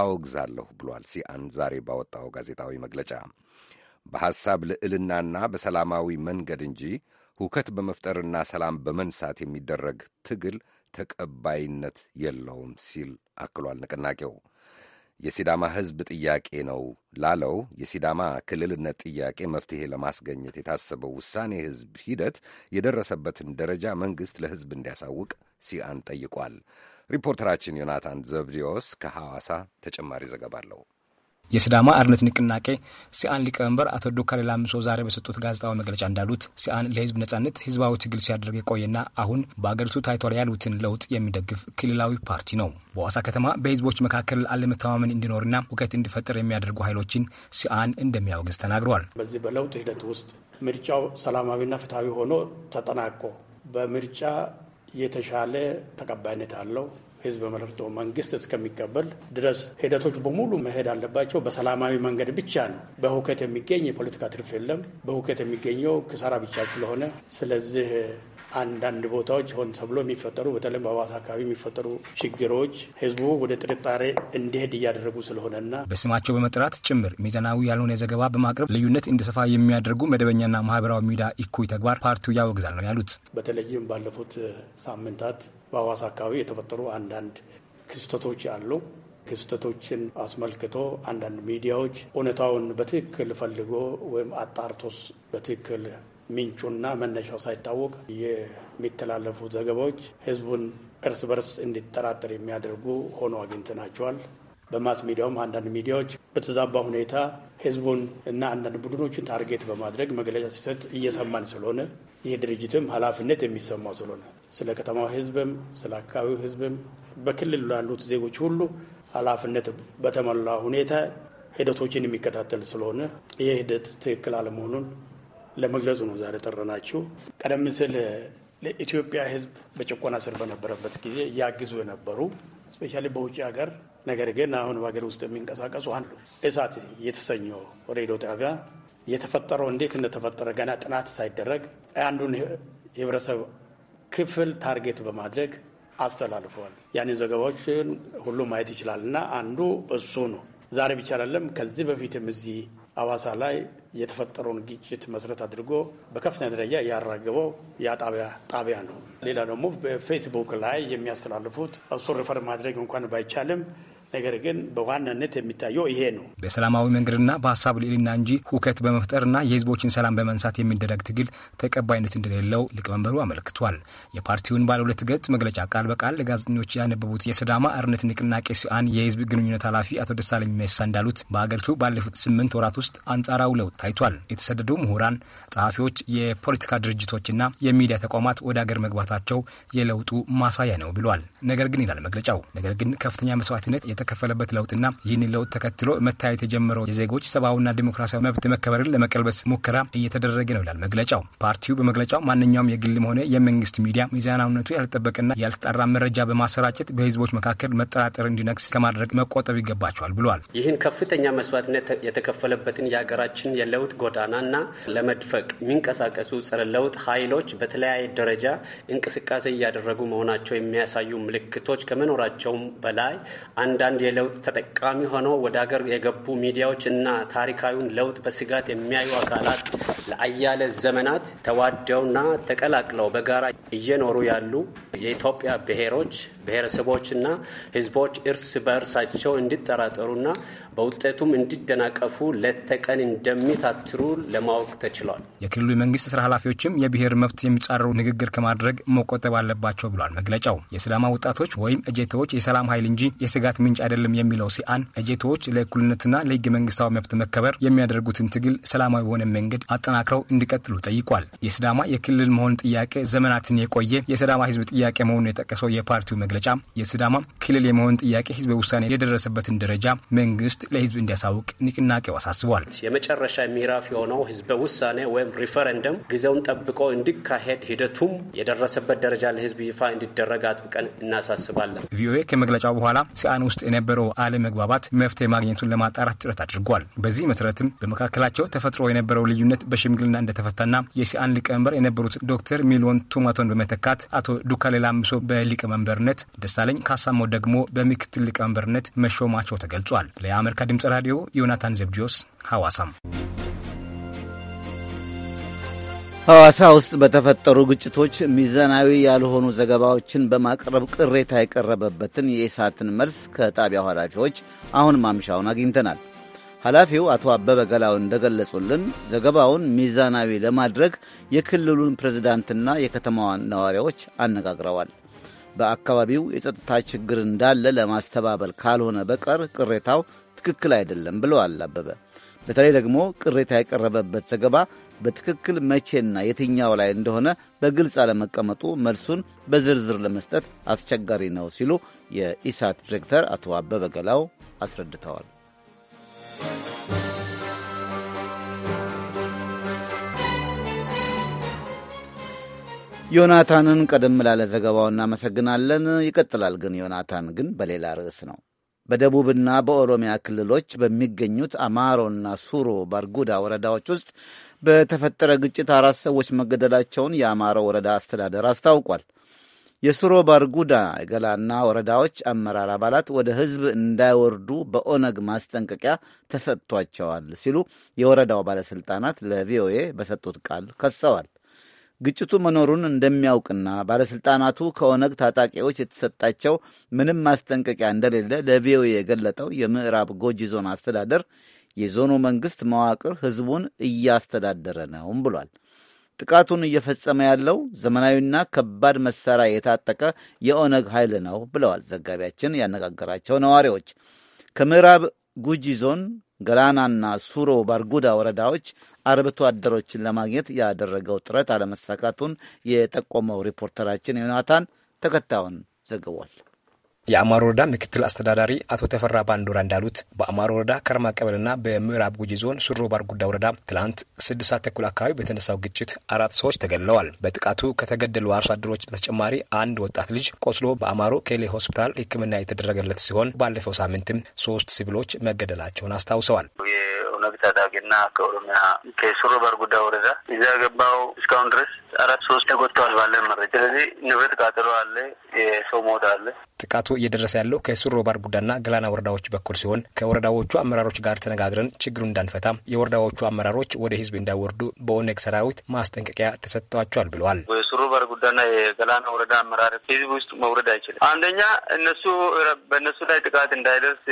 አወግዛለሁ ብሏል ሲአን ዛሬ ባወጣው ጋዜጣዊ መግለጫ። በሐሳብ ልዕልናና በሰላማዊ መንገድ እንጂ ሁከት በመፍጠርና ሰላም በመንሳት የሚደረግ ትግል ተቀባይነት የለውም ሲል አክሏል ንቅናቄው። የሲዳማ ሕዝብ ጥያቄ ነው ላለው የሲዳማ ክልልነት ጥያቄ መፍትሄ ለማስገኘት የታሰበው ውሳኔ ሕዝብ ሂደት የደረሰበትን ደረጃ መንግሥት ለሕዝብ እንዲያሳውቅ ሲአን ጠይቋል። ሪፖርተራችን ዮናታን ዘብዲዮስ ከሐዋሳ ተጨማሪ ዘገባ አለው። የስዳማ አርነት ንቅናቄ ሲአን ሊቀመንበር አቶ ዶካ ሌላምሶ ዛሬ በሰጡት ጋዜጣዊ መግለጫ እንዳሉት ሲአን ለህዝብ ነጻነት ህዝባዊ ትግል ሲያደርግ የቆየና አሁን በአገሪቱ ታይቷል ያሉትን ለውጥ የሚደግፍ ክልላዊ ፓርቲ ነው። በዋሳ ከተማ በህዝቦች መካከል አለመተማመን እንዲኖርና ሁከት እንዲፈጠር የሚያደርጉ ኃይሎችን ሲአን እንደሚያወግዝ ተናግረዋል። በዚህ በለውጥ ሂደት ውስጥ ምርጫው ሰላማዊና ፍትሐዊ ሆኖ ተጠናቆ በምርጫ የተሻለ ተቀባይነት አለው ህዝብ መርጦ መንግስት እስከሚቀበል ድረስ ሂደቶች በሙሉ መሄድ አለባቸው። በሰላማዊ መንገድ ብቻ ነው። በሁከት የሚገኝ የፖለቲካ ትርፍ የለም። በሁከት የሚገኘው ክሳራ ብቻ ስለሆነ ስለዚህ አንዳንድ ቦታዎች ሆን ተብሎ የሚፈጠሩ በተለይም በአዋሳ አካባቢ የሚፈጠሩ ችግሮች ህዝቡ ወደ ጥርጣሬ እንዲሄድ እያደረጉ ስለሆነና በስማቸው በመጥራት ጭምር ሚዛናዊ ያልሆነ ዘገባ በማቅረብ ልዩነት እንዲሰፋ የሚያደርጉ መደበኛና ማህበራዊ ሚዲያ እኩይ ተግባር ፓርቲው ያወግዛል ነው ያሉት። በተለይም ባለፉት ሳምንታት በአዋሳ አካባቢ የተፈጠሩ አንዳንድ ክስተቶች አሉ። ክስተቶችን አስመልክቶ አንዳንድ ሚዲያዎች እውነታውን በትክክል ፈልጎ ወይም አጣርቶስ በትክክል ምንጩና መነሻው ሳይታወቅ የሚተላለፉ ዘገባዎች ህዝቡን እርስ በርስ እንዲጠራጠር የሚያደርጉ ሆኖ አግኝተናቸዋል። በማስ ሚዲያውም አንዳንድ ሚዲያዎች በተዛባ ሁኔታ ህዝቡን እና አንዳንድ ቡድኖችን ታርጌት በማድረግ መግለጫ ሲሰጥ እየሰማን ስለሆነ ይህ ድርጅትም ኃላፊነት የሚሰማው ስለሆነ ስለ ከተማው ህዝብም ስለ አካባቢው ህዝብም በክልል ላሉት ዜጎች ሁሉ ኃላፊነት በተሞላ ሁኔታ ሂደቶችን የሚከታተል ስለሆነ ይህ ሂደት ትክክል አለመሆኑን ለመግለጹ ነው ዛሬ ጠረናችሁ። ቀደም ሲል ለኢትዮጵያ ህዝብ በጭቆና ስር በነበረበት ጊዜ እያግዙ የነበሩ ስፔሻሊ በውጭ ሀገር ነገር ግን አሁን በሀገር ውስጥ የሚንቀሳቀሱ አሉ። እሳት የተሰኘው ሬዲዮ ጣቢያ የተፈጠረው እንዴት እንደተፈጠረ ገና ጥናት ሳይደረግ አንዱን የህብረተሰብ ክፍል ታርጌት በማድረግ አስተላልፈዋል። ያንን ዘገባዎችን ሁሉ ማየት ይችላል እና አንዱ እሱ ነው። ዛሬ ብቻ አይደለም፣ ከዚህ በፊትም እዚህ አዋሳ ላይ የተፈጠረውን ግጭት መሰረት አድርጎ በከፍተኛ ደረጃ ያራገበው የጣቢያ ጣቢያ ነው። ሌላ ደግሞ በፌስቡክ ላይ የሚያስተላልፉት እሱ ሪፈር ማድረግ እንኳን ባይቻልም ነገር ግን በዋናነት የሚታየው ይሄ ነው። በሰላማዊ መንገድና በሀሳብ ልዕልና እንጂ ሁከት በመፍጠርና የህዝቦችን ሰላም በመንሳት የሚደረግ ትግል ተቀባይነት እንደሌለው ሊቀመንበሩ አመልክቷል። የፓርቲውን ባለ ሁለት ገጽ መግለጫ ቃል በቃል ለጋዜጠኞች ያነበቡት የስዳማ አርነት ንቅናቄ ሲአን የህዝብ ግንኙነት ኃላፊ አቶ ደሳለኝ መሳ እንዳሉት በአገሪቱ ባለፉት ስምንት ወራት ውስጥ አንጻራዊ ለውጥ ታይቷል። የተሰደዱ ምሁራን፣ ጸሐፊዎች፣ የፖለቲካ ድርጅቶችና የሚዲያ ተቋማት ወደ አገር መግባታቸው የለውጡ ማሳያ ነው ብሏል። ነገር ግን ይላል መግለጫው ነገር ግን ከፍተኛ መስዋዕትነት የተከፈለበት ለውጥና ይህንን ለውጥ ተከትሎ መታየት የጀመረው የዜጎች ሰብአዊና ዲሞክራሲያዊ መብት መከበርን ለመቀልበስ ሙከራ እየተደረገ ነው ይላል መግለጫው። ፓርቲው በመግለጫው ማንኛውም የግልም ሆነ የመንግስት ሚዲያ ሚዛናዊነቱ ያልተጠበቀና ያልተጣራ መረጃ በማሰራጨት በህዝቦች መካከል መጠራጠር እንዲነግስ ከማድረግ መቆጠብ ይገባቸዋል ብሏል። ይህን ከፍተኛ መስዋዕትነት የተከፈለበትን የሀገራችን የለውጥ ጎዳናና ለመድፈቅ የሚንቀሳቀሱ ጸረ ለውጥ ኃይሎች በተለያየ ደረጃ እንቅስቃሴ እያደረጉ መሆናቸው የሚያሳዩ ምልክቶች ከመኖራቸውም በላይ አንዳ አንዳንድ የለውጥ ተጠቃሚ ሆነው ወደ ሀገር የገቡ ሚዲያዎች እና ታሪካዊውን ለውጥ በስጋት የሚያዩ አካላት ለአያለ ዘመናት ተዋደውና ተቀላቅለው በጋራ እየኖሩ ያሉ የኢትዮጵያ ብሔሮች ብሔረሰቦችና ህዝቦች እርስ በእርሳቸው እንዲጠራጠሩና በውጤቱም እንዲደናቀፉ ለተቀን እንደሚታትሩ ለማወቅ ተችሏል። የክልሉ የመንግስት ስራ ኃላፊዎችም የብሔር መብት የሚጻረሩ ንግግር ከማድረግ መቆጠብ አለባቸው ብሏል መግለጫው። የስላማ ወጣቶች ወይም እጀቶዎች የሰላም ኃይል እንጂ የስጋት ምንጭ አይደለም የሚለው ሲአን እጀቶዎች ለእኩልነትና ለህገ መንግስታዊ መብት መከበር የሚያደርጉትን ትግል ሰላማዊ በሆነ መንገድ አጠናክረው እንዲቀጥሉ ጠይቋል። የሲዳማ የክልል መሆን ጥያቄ ዘመናትን የቆየ የሰላማ ህዝብ ጥያቄ መሆኑን የጠቀሰው የፓርቲው መግለጫ መግለጫ የሲዳማ ክልል የመሆን ጥያቄ ህዝበ ውሳኔ የደረሰበትን ደረጃ መንግስት ለህዝብ እንዲያሳውቅ ንቅናቄው አሳስቧል። የመጨረሻ ምዕራፍ የሆነው ህዝበ ውሳኔ ወይም ሪፈረንደም ጊዜውን ጠብቆ እንዲካሄድ ሂደቱም የደረሰበት ደረጃ ለህዝብ ይፋ እንዲደረግ አጥብቀን እናሳስባለን። ቪኦኤ ከመግለጫው በኋላ ሲአን ውስጥ የነበረው አለመግባባት መፍትሄ ማግኘቱን ለማጣራት ጥረት አድርጓል። በዚህ መሰረትም በመካከላቸው ተፈጥሮ የነበረው ልዩነት በሽምግልና እንደተፈታና የሲአን ሊቀመንበር የነበሩት ዶክተር ሚሊዮን ቱማቶን በመተካት አቶ ዱካሌ ላምሶ በሊቀመንበርነት ደሳለኝ ካሳሞ ደግሞ በምክትል ሊቀመንበርነት መሾማቸው ተገልጿል። ለአሜሪካ ድምጽ ራዲዮ ዮናታን ዘብዲዮስ ሐዋሳም ሐዋሳ ውስጥ በተፈጠሩ ግጭቶች ሚዛናዊ ያልሆኑ ዘገባዎችን በማቅረብ ቅሬታ የቀረበበትን የኢሳትን መልስ ከጣቢያው ኃላፊዎች አሁን ማምሻውን አግኝተናል። ኃላፊው አቶ አበበ ገላው እንደገለጹልን ዘገባውን ሚዛናዊ ለማድረግ የክልሉን ፕሬዝዳንትና የከተማዋን ነዋሪዎች አነጋግረዋል። በአካባቢው የጸጥታ ችግር እንዳለ ለማስተባበል ካልሆነ በቀር ቅሬታው ትክክል አይደለም ብለዋል አበበ። በተለይ ደግሞ ቅሬታ የቀረበበት ዘገባ በትክክል መቼና የትኛው ላይ እንደሆነ በግልጽ አለመቀመጡ መልሱን በዝርዝር ለመስጠት አስቸጋሪ ነው ሲሉ የኢሳት ዲሬክተር አቶ አበበ ገላው አስረድተዋል። ዮናታንን ቀደም ላለ ዘገባው እናመሰግናለን። ይቀጥላል። ግን ዮናታን ግን በሌላ ርዕስ ነው። በደቡብና በኦሮሚያ ክልሎች በሚገኙት አማሮና ሱሮ ባርጉዳ ወረዳዎች ውስጥ በተፈጠረ ግጭት አራት ሰዎች መገደላቸውን የአማሮ ወረዳ አስተዳደር አስታውቋል። የሱሮ ባርጉዳ የገላና ወረዳዎች አመራር አባላት ወደ ሕዝብ እንዳይወርዱ በኦነግ ማስጠንቀቂያ ተሰጥቷቸዋል ሲሉ የወረዳው ባለሥልጣናት ለቪኦኤ በሰጡት ቃል ከሰዋል። ግጭቱ መኖሩን እንደሚያውቅና ባለሥልጣናቱ ከኦነግ ታጣቂዎች የተሰጣቸው ምንም ማስጠንቀቂያ እንደሌለ ለቪኦኤ የገለጠው የምዕራብ ጎጂ ዞን አስተዳደር የዞኑ መንግሥት መዋቅር ሕዝቡን እያስተዳደረ ነውም ብሏል። ጥቃቱን እየፈጸመ ያለው ዘመናዊና ከባድ መሳሪያ የታጠቀ የኦነግ ኃይል ነው ብለዋል ዘጋቢያችን ያነጋገራቸው ነዋሪዎች። ከምዕራብ ጉጂ ዞን ገላናና ሱሮ ባርጉዳ ወረዳዎች አርብቶ አደሮችን ለማግኘት ያደረገው ጥረት አለመሳካቱን የጠቆመው ሪፖርተራችን ዮናታን ተከታዩን ዘግቧል። የአማሮ ወረዳ ምክትል አስተዳዳሪ አቶ ተፈራ ባንዶራ እንዳሉት በአማሮ ወረዳ ከርማ ቀበልና በምዕራብ ጉጂ ዞን ሱሮ ባርጉዳ ወረዳ ትላንት ስድስት ሰዓት ተኩል አካባቢ በተነሳው ግጭት አራት ሰዎች ተገድለዋል። በጥቃቱ ከተገደሉ አርሶ አደሮች በተጨማሪ አንድ ወጣት ልጅ ቆስሎ በአማሮ ኬሌ ሆስፒታል ሕክምና የተደረገለት ሲሆን ባለፈው ሳምንትም ሶስት ሲቪሎች መገደላቸውን አስታውሰዋል። የኦነግ ታጣቂና ከኦሮሚያ ከሱሮ ባርጉዳ ወረዳ እዛ ገባው እስካሁን ድረስ አራት ሶስት ተጎድተዋል ባለን መረጃ። ስለዚህ ንብረት ቃጠሎ አለ፣ የሰው ሞት አለ። ጥቃቱ እየደረሰ ያለው ከሱሮ ባርጉዳና ገላና ወረዳዎች በኩል ሲሆን ከወረዳዎቹ አመራሮች ጋር ተነጋግረን ችግሩን እንዳንፈታ የወረዳዎቹ አመራሮች ወደ ህዝብ እንዳይወርዱ በኦነግ ሰራዊት ማስጠንቀቂያ ተሰጥቷቸዋል ብለዋል። የሱሮ ባርጉዳና የገላና ወረዳ አመራር ህዝብ ውስጥ መውረድ አይችልም። አንደኛ እነሱ በእነሱ ላይ ጥቃት እንዳይደርስ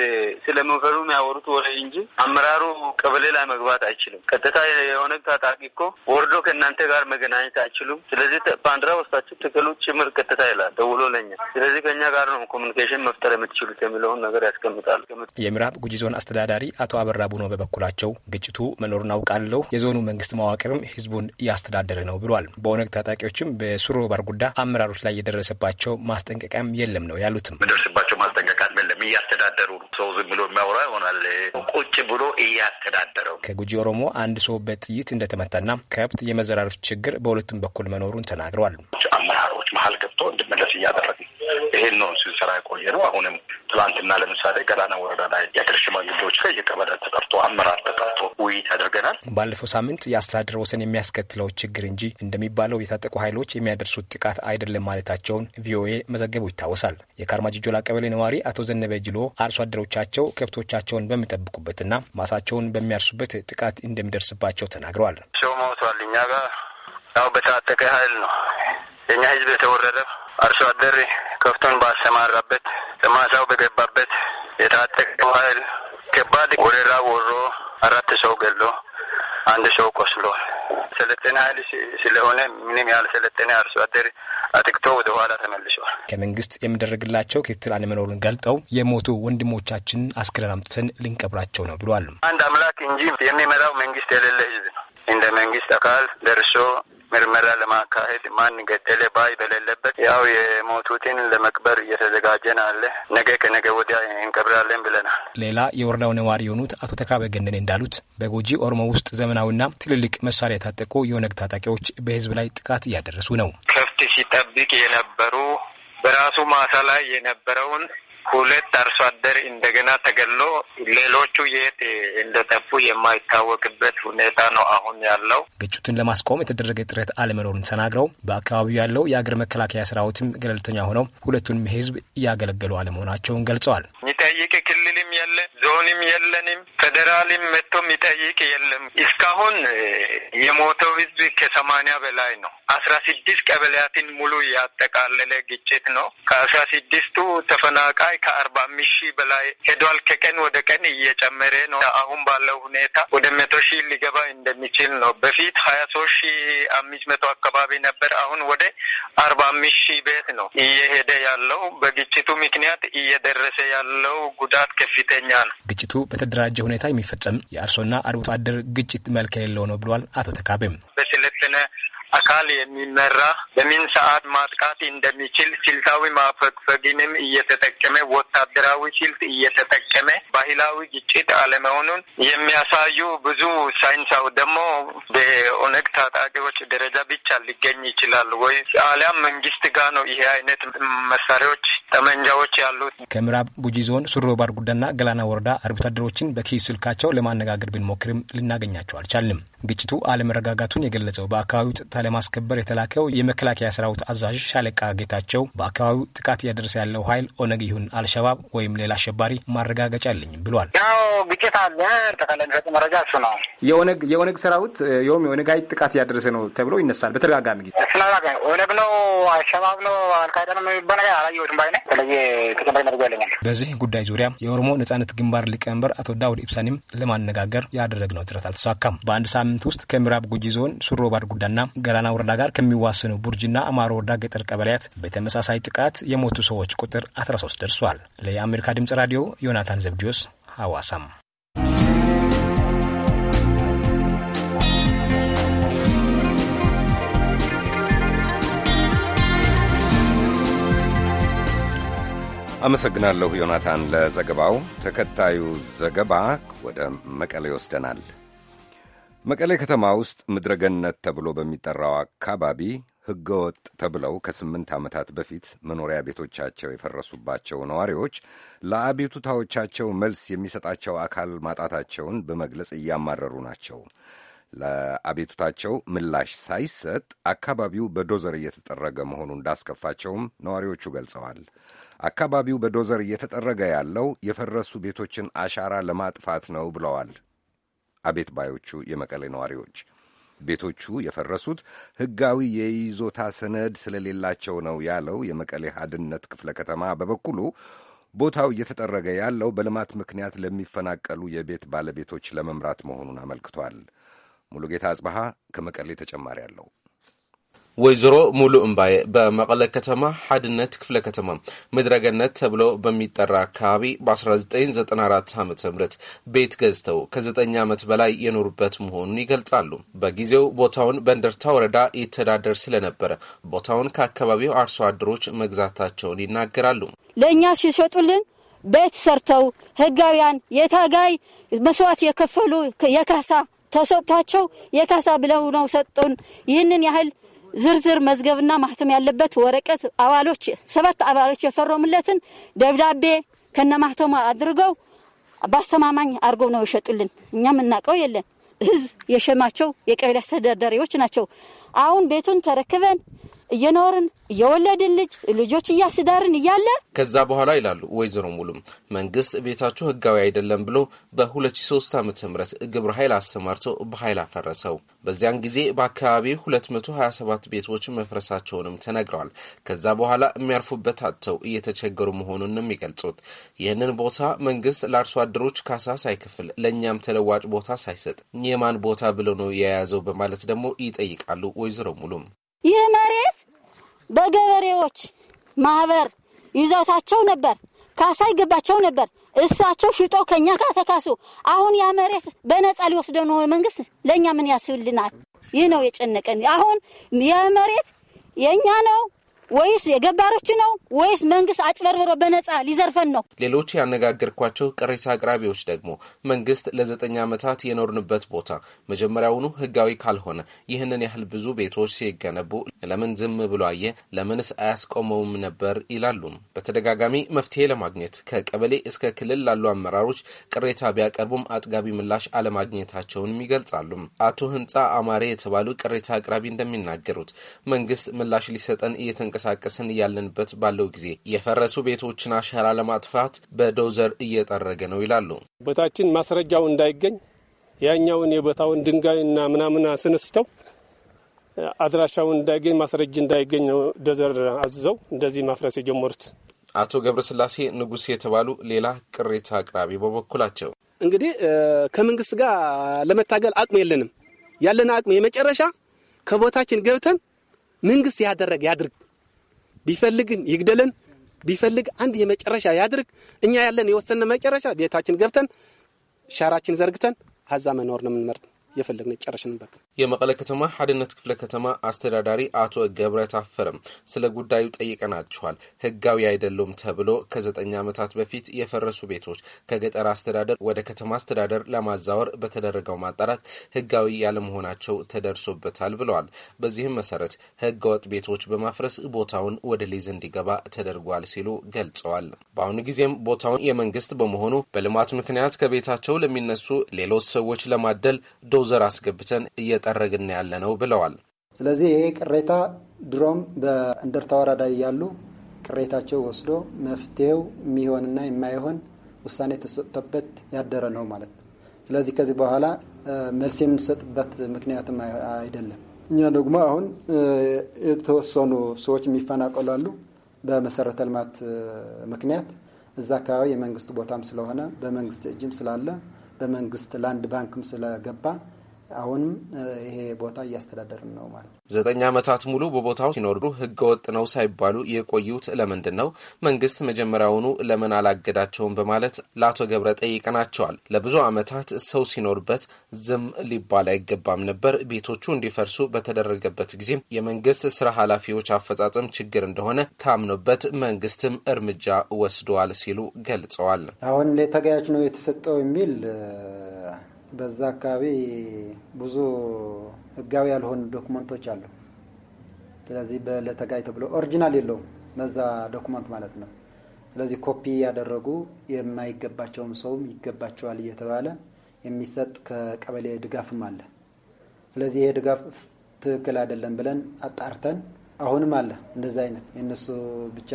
ስለምንፈሩ የሚያወሩት ወሬ እንጂ አመራሩ ቀበሌ ላይ መግባት አይችልም። ቀጥታ የኦነግ ታጣቂ እኮ ወርዶ ከእናንተ ጋር መገናኘት አይችሉም። ስለዚህ ባንዲራ ወስታችሁ ትክሉ ጭምር ቀጥታ ይላል ደውሎ ለኛ። ስለዚህ ከእኛ ጋር ነው ኮሚኒኬሽን መፍጠር የምትችሉት የሚለውን ነገር ያስቀምጣል። የምዕራብ ጉጂ ዞን አስተዳዳሪ አቶ አበራ ቡኖ በበኩላቸው ግጭቱ መኖሩን አውቃለሁ፣ የዞኑ መንግስት መዋቅርም ህዝቡን እያስተዳደረ ነው ብሏል። በኦነግ ታጣቂዎችም በሱሮ ባርጉዳ አመራሮች ላይ የደረሰባቸው ማስጠንቀቂያም የለም ነው ያሉትም ደርስባቸው ማስጠንቀቂያ እያስተዳደሩ ሰው ዝም ብሎ የሚያወራ ይሆናል። ቁጭ ብሎ እያስተዳደረው ከጉጂ ኦሮሞ አንድ ሰው በጥይት እንደተመታና ከብት የመዘራረፍ ችግር በሁለቱም በኩል መኖሩን ተናግረዋል። አመራሮች መሀል ገብቶ እንድመለስ እያደረግ ነው ይሄን ነው ስንሰራ የቆየ ነው። አሁንም ትላንትና ለምሳሌ ገላና ወረዳ ላይ የአገር ሽማግሌዎች ላይ የቀበሌ ተጠርቶ አመራር ተጠርቶ ውይይት አድርገናል። ባለፈው ሳምንት የአስተዳደር ወሰን የሚያስከትለው ችግር እንጂ እንደሚባለው የታጠቁ ኃይሎች የሚያደርሱት ጥቃት አይደለም ማለታቸውን ቪኦኤ መዘገቡ ይታወሳል። የካርማጅጆላ ቀበሌ ነዋሪ አቶ ዘነበ ጅሎ አርሶ አደሮቻቸው ከብቶቻቸውን በሚጠብቁበትና ማሳቸውን በሚያርሱበት ጥቃት እንደሚደርስባቸው ተናግረዋል። ሰው ሞቷል። እኛ ጋር ያው በታጠቀ ኃይል ነው የእኛ ህዝብ የተወረደ አርሶ አደር ከብቱን ባሰማራበት ለማሳው በገባበት የታጠቀው ኃይል ከባድ ወረራ ወሮ አራት ሰው ገሎ አንድ ሰው ቆስሎ ሰለጠነ ኃይል ስለሆነ ምንም ያልሰለጠነ አርሶ አደር አጥቅቶ ወደ ኋላ ተመልሷል። ከመንግስት የሚደረግላቸው ክትትል አለመኖሩን ገልጠው የሞቱ ወንድሞቻችን አስክሬን አምጥተን ልንቀብራቸው ነው ብሏል። አንድ አምላክ እንጂ የሚመራው መንግስት የሌለ ህዝብ ነው። እንደ መንግስት አካል ደርሶ ምርመራ ለማካሄድ ማን ገደለ ባይ በሌለበት ያው የሞቱትን ለመቅበር እየተዘጋጀን አለ። ነገ ከነገ ወዲያ እንቀብራለን ብለናል። ሌላ የወረዳው ነዋሪ የሆኑት አቶ ተካበ እንዳሉት በጎጂ ኦሮሞ ውስጥ ዘመናዊና ትልልቅ መሳሪያ የታጠቁ የኦነግ ታጣቂዎች በህዝብ ላይ ጥቃት እያደረሱ ነው። ከብት ሲጠብቅ የነበሩ በራሱ ማሳ ላይ የነበረውን ሁለት አርሶ አደር እንደገና ተገሎ ሌሎቹ የት እንደጠፉ የማይታወቅበት ሁኔታ ነው አሁን ያለው። ግጭቱን ለማስቆም የተደረገ ጥረት አለመኖሩን ተናግረው በአካባቢው ያለው የአገር መከላከያ ሰራዊትም ገለልተኛ ሆነው ሁለቱንም ህዝብ እያገለገሉ አለመሆናቸውን ገልጸዋል። የሚጠይቅ ክልልም የለ፣ ዞንም የለንም፣ ፌዴራልም መጥቶ የሚጠይቅ የለም። እስካሁን የሞተው ህዝብ ከሰማኒያ በላይ ነው። አስራ ስድስት ቀበሌያትን ሙሉ ያጠቃለለ ግጭት ነው። ከአስራ ስድስቱ ተፈናቃይ ላይ ከአርባ አምስት ሺህ በላይ ሄዷል። ከቀን ወደ ቀን እየጨመረ ነው። አሁን ባለው ሁኔታ ወደ መቶ ሺህ ሊገባ እንደሚችል ነው። በፊት ሀያ ሶስት ሺህ አምስት መቶ አካባቢ ነበር። አሁን ወደ አርባ አምስት ሺህ ቤት ነው እየሄደ ያለው። በግጭቱ ምክንያት እየደረሰ ያለው ጉዳት ከፍተኛ ነው። ግጭቱ በተደራጀ ሁኔታ የሚፈጸም የአርሶና አርብቶ አደር ግጭት መልክ የሌለው ነው ብሏል አቶ ተካቤም በስለትነ አካል የሚመራ በምን ሰዓት ማጥቃት እንደሚችል ስልታዊ ማፈግፈግንም እየተጠቀመ ወታደራዊ ስልት እየተጠቀመ ባህላዊ ግጭት አለመሆኑን የሚያሳዩ ብዙ ሳይንሳው ደግሞ በኦነግ ታጣቂዎች ደረጃ ብቻ ሊገኝ ይችላል ወይ አሊያም መንግስት ጋር ነው ይሄ አይነት መሳሪያዎች ጠመንጃዎች ያሉት። ከምዕራብ ጉጂ ዞን ሱሮ ባርጉዳና ገላና ወረዳ አርብቶ አደሮችን በኪስ ስልካቸው ለማነጋገር ብንሞክርም ልናገኛቸው አልቻልንም። ግጭቱ አለመረጋጋቱን የገለጸው በአካባቢው ጸጥታ ለማስከበር የተላከው የመከላከያ ሰራዊት አዛዥ ሻለቃ ጌታቸው በአካባቢው ጥቃት እያደረሰ ያለው ኃይል ኦነግ ይሁን አልሸባብ ወይም ሌላ አሸባሪ ማረጋገጫ የለኝ ብሏል። ያው ግጭት አለ ተካላይ የሚሰጥ መረጃ እሱ ነው። የኦነግ የኦነግ ሰራዊት ይኸውም የኦነግ ኃይል ጥቃት እያደረሰ ነው ተብሎ ይነሳል። በተደጋጋሚ ጊዜ ተደጋጋሚ ኦነግ ነው አልሸባብ ነው አልካይዳ ነው የሚባል ነገር አላየሁትም። ባይነ ስለየ ተጨማሪ መረጃ ያለኛል። በዚህ ጉዳይ ዙሪያ የኦሮሞ ነጻነት ግንባር ሊቀመንበር አቶ ዳውድ ኢብሳኒም ለማነጋገር ያደረግነው ጥረት አልተሳካም። በአንድ ሳምንት ሳምንት ውስጥ ከምዕራብ ጉጂ ዞን ሱሮ ባድጉዳና ገራና ወረዳ ጋር ከሚዋሰኑ ቡርጅና አማሮ ወረዳ ገጠር ቀበሌያት በተመሳሳይ ጥቃት የሞቱ ሰዎች ቁጥር 13 ደርሷል። ለአሜሪካ ድምጽ ራዲዮ ዮናታን ዘብዲዮስ ሐዋሳም አመሰግናለሁ ዮናታን ለዘገባው። ተከታዩ ዘገባ ወደ መቀሌ ይወስደናል። መቀሌ ከተማ ውስጥ ምድረገነት ተብሎ በሚጠራው አካባቢ ሕገወጥ ተብለው ከስምንት ዓመታት በፊት መኖሪያ ቤቶቻቸው የፈረሱባቸው ነዋሪዎች ለአቤቱታዎቻቸው መልስ የሚሰጣቸው አካል ማጣታቸውን በመግለጽ እያማረሩ ናቸው። ለአቤቱታቸው ምላሽ ሳይሰጥ አካባቢው በዶዘር እየተጠረገ መሆኑ እንዳስከፋቸውም ነዋሪዎቹ ገልጸዋል። አካባቢው በዶዘር እየተጠረገ ያለው የፈረሱ ቤቶችን አሻራ ለማጥፋት ነው ብለዋል አቤት ባዮቹ የመቀሌ ነዋሪዎች። ቤቶቹ የፈረሱት ሕጋዊ የይዞታ ሰነድ ስለሌላቸው ነው ያለው የመቀሌ አድነት ክፍለ ከተማ በበኩሉ ቦታው እየተጠረገ ያለው በልማት ምክንያት ለሚፈናቀሉ የቤት ባለቤቶች ለመምራት መሆኑን አመልክቷል። ሙሉጌታ አጽበሃ ከመቀሌ ተጨማሪ አለው። ወይዘሮ ሙሉ እምባዬ በመቀለ ከተማ ሓድነት ክፍለ ከተማ ምድረገነት ተብሎ በሚጠራ አካባቢ በ1994 ዓ ም ቤት ገዝተው ከ9 ዓመት በላይ የኖሩበት መሆኑን ይገልጻሉ። በጊዜው ቦታውን በእንደርታ ወረዳ ይተዳደር ስለነበረ ቦታውን ከአካባቢው አርሶ አደሮች መግዛታቸውን ይናገራሉ። ለእኛ ሲሸጡልን ቤት ሰርተው ህጋውያን የታጋይ መስዋዕት የከፈሉ የካሳ ተሰጥቷቸው የካሳ ብለው ነው ሰጡን። ይህንን ያህል ዝርዝር መዝገብና ማህተም ያለበት ወረቀት አባሎች ሰባት አባሎች የፈረሙለትን ደብዳቤ ከነ ማህተሙ አድርገው በአስተማማኝ አድርገው ነው የሸጡልን። እኛም የምናውቀው የለን። ህዝብ የሸማቸው የቀበሌ አስተዳዳሪዎች ናቸው። አሁን ቤቱን ተረክበን እየኖርን እየወለድን ልጅ ልጆች እያስዳርን እያለ ከዛ በኋላ ይላሉ ወይዘሮ ሙሉም መንግስት ቤታችሁ ህጋዊ አይደለም ብሎ በ2003 ዓ ም ግብረ ኃይል አሰማርቶ በኃይል አፈረሰው። በዚያን ጊዜ በአካባቢው 227 ቤቶች መፍረሳቸውንም ተነግረዋል። ከዛ በኋላ የሚያርፉበት አጥተው እየተቸገሩ መሆኑን ነው የሚገልጹት። ይህንን ቦታ መንግስት ለአርሶ አደሮች ካሳ ሳይከፍል ለእኛም ተለዋጭ ቦታ ሳይሰጥ የማን ቦታ ብሎ ነው የያዘው በማለት ደግሞ ይጠይቃሉ ወይዘሮ ሙሉም ይህ መሬት በገበሬዎች ማህበር ይዞታቸው ነበር። ካሳ ይገባቸው ነበር። እሳቸው ሽጦ ከኛ ጋር ተካሱ። አሁን ያ መሬት በነፃ ሊወስደው ነው መንግስት። ለእኛ ምን ያስብልናል? ይህ ነው የጨነቀን። አሁን የመሬት የእኛ ነው ወይስ የገባሮች ነው ወይስ መንግስት አጭበርብሮ በነጻ ሊዘርፈን ነው? ሌሎች ያነጋገርኳቸው ቅሬታ አቅራቢዎች ደግሞ መንግስት ለዘጠኝ ዓመታት የኖርንበት ቦታ መጀመሪያውኑ ህጋዊ ካልሆነ ይህንን ያህል ብዙ ቤቶች ሲገነቡ ለምን ዝም ብሎ አየ? ለምንስ አያስቆመውም ነበር ይላሉ። በተደጋጋሚ መፍትሄ ለማግኘት ከቀበሌ እስከ ክልል ላሉ አመራሮች ቅሬታ ቢያቀርቡም አጥጋቢ ምላሽ አለማግኘታቸውንም ይገልጻሉ። አቶ ህንፃ አማሬ የተባሉ ቅሬታ አቅራቢ እንደሚናገሩት መንግስት ምላሽ ሊሰጠን እየተንቀሳቀስን ያለንበት ባለው ጊዜ የፈረሱ ቤቶችን አሻራ ለማጥፋት በዶዘር እየጠረገ ነው ይላሉ። ቦታችን ማስረጃው እንዳይገኝ ያኛውን የቦታውን ድንጋይና ምናምን አስነስተው አድራሻው እንዳይገኝ ማስረጅ እንዳይገኝ ነው ደዘር አዝዘው እንደዚህ ማፍረስ የጀመሩት። አቶ ገብረስላሴ ንጉሴ የተባሉ ሌላ ቅሬታ አቅራቢ በበኩላቸው እንግዲህ ከመንግስት ጋር ለመታገል አቅም የለንም። ያለን አቅም የመጨረሻ ከቦታችን ገብተን መንግስት ያደረግ ያድርግ፣ ቢፈልግን ይግደለን፣ ቢፈልግ አንድ የመጨረሻ ያድርግ። እኛ ያለን የወሰነ መጨረሻ ቤታችን ገብተን ሻራችን ዘርግተን ሀዛ መኖር ነው የምንመርጥ የፈለግን ጨረሽን የመቀለ ከተማ ሀድነት ክፍለ ከተማ አስተዳዳሪ አቶ ገብረ ታፈረም ስለ ጉዳዩ ጠይቀናቸዋል። ህጋዊ አይደሉም ተብሎ ከዘጠኝ ዓመታት በፊት የፈረሱ ቤቶች ከገጠር አስተዳደር ወደ ከተማ አስተዳደር ለማዛወር በተደረገው ማጣራት ህጋዊ ያለመሆናቸው ተደርሶበታል ብለዋል። በዚህም መሰረት ህገ ወጥ ቤቶች በማፍረስ ቦታውን ወደ ሊዝ እንዲገባ ተደርጓል ሲሉ ገልጸዋል። በአሁኑ ጊዜም ቦታውን የመንግስት በመሆኑ በልማት ምክንያት ከቤታቸው ለሚነሱ ሌሎች ሰዎች ለማደል ዶዘር አስገብተን እየ እየጠረግን ነው ብለዋል። ስለዚህ ይሄ ቅሬታ ድሮም በእንደርታ ወረዳ እያሉ ቅሬታቸው ወስዶ መፍትሄው የሚሆንና የማይሆን ውሳኔ ተሰጥቶበት ያደረ ነው ማለት ነው። ስለዚህ ከዚህ በኋላ መልስ የምንሰጥበት ምክንያትም አይደለም። እኛ ደግሞ አሁን የተወሰኑ ሰዎች የሚፈናቀሉ አሉ። በመሰረተ ልማት ምክንያት እዛ አካባቢ የመንግስት ቦታም ስለሆነ በመንግስት እጅም ስላለ በመንግስት ላንድ ባንክም ስለገባ አሁንም ይሄ ቦታ እያስተዳደርን ነው ማለት ነው። ዘጠኝ ዓመታት ሙሉ በቦታው ሲኖሩ ህገወጥ ነው ሳይባሉ የቆዩት ለምንድን ነው? መንግስት መጀመሪያውኑ ለምን አላገዳቸውም? በማለት ለአቶ ገብረ ጠይቀናቸዋል። ለብዙ ዓመታት ሰው ሲኖርበት ዝም ሊባል አይገባም ነበር። ቤቶቹ እንዲፈርሱ በተደረገበት ጊዜም የመንግስት ስራ ኃላፊዎች አፈጻጸም ችግር እንደሆነ ታምኖበት መንግስትም እርምጃ ወስደዋል ሲሉ ገልጸዋል። አሁን ተገያጅ ነው የተሰጠው የሚል በዛ አካባቢ ብዙ ህጋዊ ያልሆኑ ዶክመንቶች አሉ። ስለዚህ ለተጋይ ብሎ ኦሪጂናል የለውም በዛ ዶክመንት ማለት ነው። ስለዚህ ኮፒ ያደረጉ የማይገባቸውም ሰውም ይገባቸዋል እየተባለ የሚሰጥ ከቀበሌ ድጋፍም አለ። ስለዚህ ይሄ ድጋፍ ትክክል አይደለም ብለን አጣርተን አሁንም አለ እንደዚህ አይነት የእነሱ ብቻ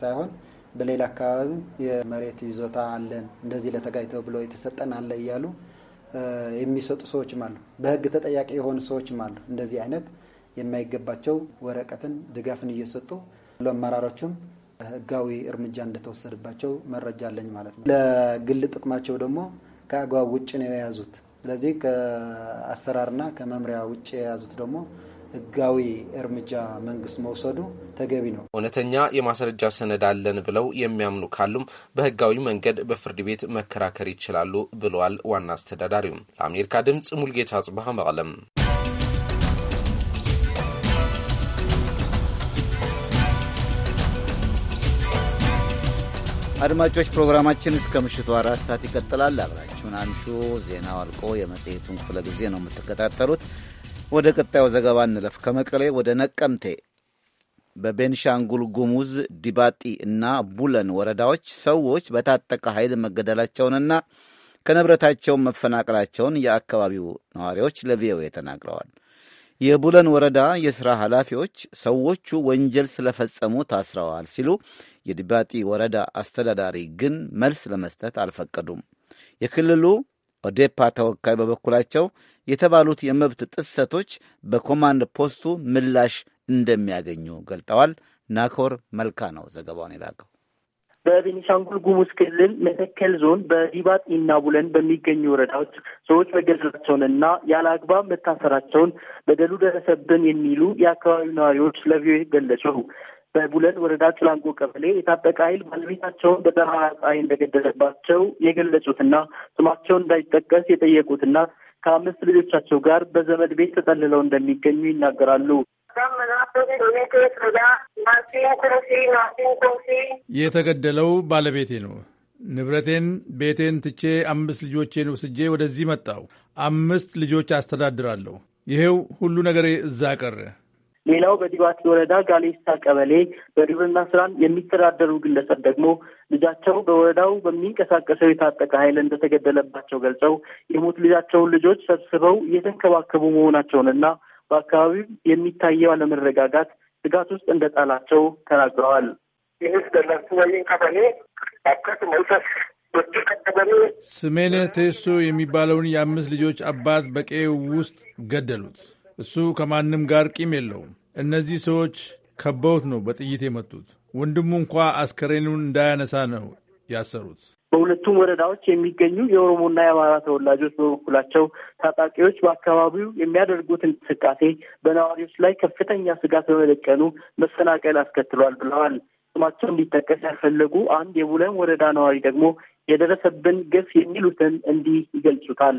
ሳይሆን በሌላ አካባቢ የመሬት ይዞታ አለን እንደዚህ ለተጋይተው ብሎ የተሰጠን አለ እያሉ የሚሰጡ ሰዎችም አሉ። በህግ ተጠያቂ የሆኑ ሰዎችም አሉ። እንደዚህ አይነት የማይገባቸው ወረቀትን ድጋፍን እየሰጡ ለአመራሮችም ህጋዊ እርምጃ እንደተወሰደባቸው መረጃ አለኝ ማለት ነው። ለግል ጥቅማቸው ደግሞ ከአግባብ ውጭ ነው የያዙት። ስለዚህ ከአሰራርና ከመምሪያ ውጭ የያዙት ደግሞ ህጋዊ እርምጃ መንግስት መውሰዱ ተገቢ ነው። እውነተኛ የማስረጃ ሰነድ አለን ብለው የሚያምኑ ካሉም በህጋዊ መንገድ በፍርድ ቤት መከራከር ይችላሉ ብለዋል ዋና አስተዳዳሪውም። ለአሜሪካ ድምፅ ሙልጌታ ጽብሃ መቀለም። አድማጮች ፕሮግራማችን እስከ ምሽቱ አራት ሰዓት ይቀጥላል። አብራችሁን አምሹ። ዜናው አልቆ የመጽሔቱን ክፍለ ጊዜ ነው የምትከታተሉት። ወደ ቀጣዩ ዘገባ እንለፍ። ከመቀሌ ወደ ነቀምቴ በቤንሻንጉል ጉሙዝ ዲባጢ እና ቡለን ወረዳዎች ሰዎች በታጠቀ ኃይል መገደላቸውንና ከንብረታቸውን መፈናቀላቸውን የአካባቢው ነዋሪዎች ለቪኦኤ ተናግረዋል። የቡለን ወረዳ የሥራ ኃላፊዎች ሰዎቹ ወንጀል ስለፈጸሙ ታስረዋል ሲሉ፣ የዲባጢ ወረዳ አስተዳዳሪ ግን መልስ ለመስጠት አልፈቀዱም። የክልሉ ኦዴፓ ተወካይ በበኩላቸው የተባሉት የመብት ጥሰቶች በኮማንድ ፖስቱ ምላሽ እንደሚያገኙ ገልጠዋል። ናኮር መልካ ነው ዘገባውን የላከው። በቤኒሻንጉል ጉሙዝ ክልል መተከል ዞን በዲባጥ እና ቡለን በሚገኙ ወረዳዎች ሰዎች መገደላቸውንና ያለ አግባብ መታሰራቸውን በደሉ ደረሰብን የሚሉ የአካባቢው ነዋሪዎች ለቪኦኤ ገለጹ። በቡለን ወረዳ ጭላንጎ ቀበሌ የታጠቀ ኃይል ባለቤታቸውን በጠራ ፀሐይ እንደገደለባቸው የገለጹትና ስማቸውን እንዳይጠቀስ የጠየቁት እናት ከአምስት ልጆቻቸው ጋር በዘመድ ቤት ተጠልለው እንደሚገኙ ይናገራሉ። የተገደለው ባለቤቴ ነው። ንብረቴን፣ ቤቴን ትቼ አምስት ልጆቼን ወስጄ ወደዚህ መጣው አምስት ልጆች አስተዳድራለሁ። ይሄው ሁሉ ነገሬ እዛ ቀረ። ሌላው በዲባቲ ወረዳ ጋሌሳ ቀበሌ በግብርና ስራን የሚተዳደሩ ግለሰብ ደግሞ ልጃቸው በወረዳው በሚንቀሳቀሰው የታጠቀ ኃይል እንደተገደለባቸው ገልጸው የሞት ልጃቸውን ልጆች ሰብስበው እየተንከባከቡ መሆናቸውንና በአካባቢው የሚታየው አለመረጋጋት ስጋት ውስጥ እንደጣላቸው ተናግረዋል። ስሜነህ ቴሶ የሚባለውን የአምስት ልጆች አባት በቄ ውስጥ ገደሉት። እሱ ከማንም ጋር ቂም የለውም። እነዚህ ሰዎች ከበውት ነው በጥይት የመቱት። ወንድሙ እንኳ አስከሬኑን እንዳያነሳ ነው ያሰሩት። በሁለቱም ወረዳዎች የሚገኙ የኦሮሞና የአማራ ተወላጆች በበኩላቸው ታጣቂዎች በአካባቢው የሚያደርጉት እንቅስቃሴ በነዋሪዎች ላይ ከፍተኛ ስጋት በመደቀኑ መሰናቀል አስከትሏል ብለዋል። ስማቸው እንዲጠቀስ ያልፈለጉ አንድ የቡለን ወረዳ ነዋሪ ደግሞ የደረሰብን ግፍ የሚሉትን እንዲህ ይገልጹታል።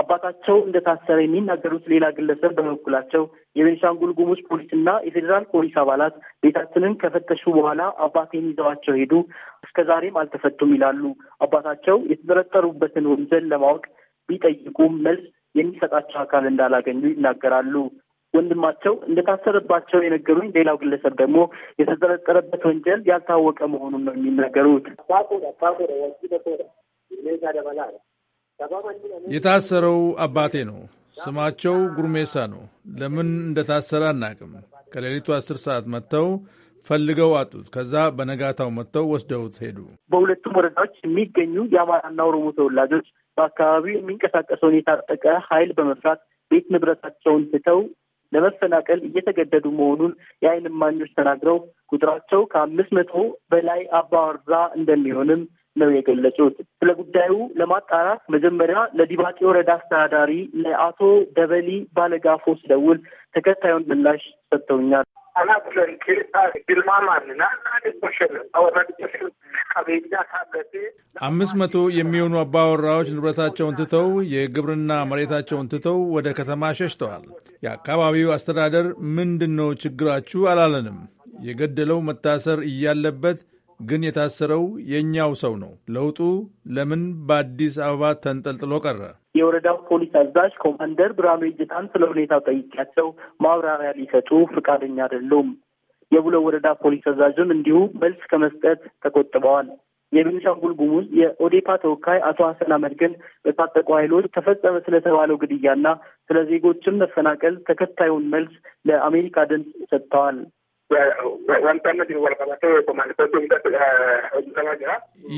አባታቸው እንደታሰረ የሚናገሩት ሌላ ግለሰብ በበኩላቸው የቤኒሻንጉል ጉሙዝ ፖሊስና የፌዴራል ፖሊስ አባላት ቤታችንን ከፈተሹ በኋላ አባቴን ይዘዋቸው ሄዱ፣ እስከዛሬም አልተፈቱም ይላሉ። አባታቸው የተጠረጠሩበትን ወንጀል ለማወቅ ቢጠይቁም መልስ የሚሰጣቸው አካል እንዳላገኙ ይናገራሉ። ወንድማቸው እንደታሰረባቸው የነገሩኝ ሌላው ግለሰብ ደግሞ የተጠረጠረበት ወንጀል ያልታወቀ መሆኑን ነው የሚናገሩት። የታሰረው አባቴ ነው። ስማቸው ጉርሜሳ ነው። ለምን እንደታሰረ አናቅም። ከሌሊቱ አስር ሰዓት መጥተው ፈልገው አጡት። ከዛ በነጋታው መጥተው ወስደውት ሄዱ። በሁለቱም ወረዳዎች የሚገኙ የአማራና ኦሮሞ ተወላጆች በአካባቢው የሚንቀሳቀሰውን የታጠቀ ኃይል በመፍራት ቤት ንብረታቸውን ትተው ለመፈናቀል እየተገደዱ መሆኑን የዓይን እማኞች ተናግረው ቁጥራቸው ከአምስት መቶ በላይ አባወራ እንደሚሆንም ነው የገለጹት። ስለ ጉዳዩ ለማጣራት መጀመሪያ ለዲባጤ ወረዳ አስተዳዳሪ ለአቶ ደበሊ ባለጋፎ ስደውል ተከታዩን ምላሽ ሰጥተውኛል። አምስት መቶ የሚሆኑ አባወራዎች ንብረታቸውን ትተው የግብርና መሬታቸውን ትተው ወደ ከተማ ሸሽተዋል። የአካባቢው አስተዳደር ምንድን ነው ችግራችሁ አላለንም። የገደለው መታሰር እያለበት ግን የታሰረው የእኛው ሰው ነው። ለውጡ ለምን በአዲስ አበባ ተንጠልጥሎ ቀረ? የወረዳው ፖሊስ አዛዥ ኮማንደር ብርሃኑ እጅታን ስለ ሁኔታው ጠይቄያቸው ማብራሪያ ሊሰጡ ፍቃደኛ አይደሉም። የቡለ ወረዳ ፖሊስ አዛዥም እንዲሁ መልስ ከመስጠት ተቆጥበዋል። የቤኒሻንጉል ጉሙዝ የኦዴፓ ተወካይ አቶ ሀሰን አህመድ ግን በታጠቁ ኃይሎች ተፈጸመ ስለተባለው ግድያና ስለ ዜጎችን መፈናቀል ተከታዩን መልስ ለአሜሪካ ድምፅ ሰጥተዋል።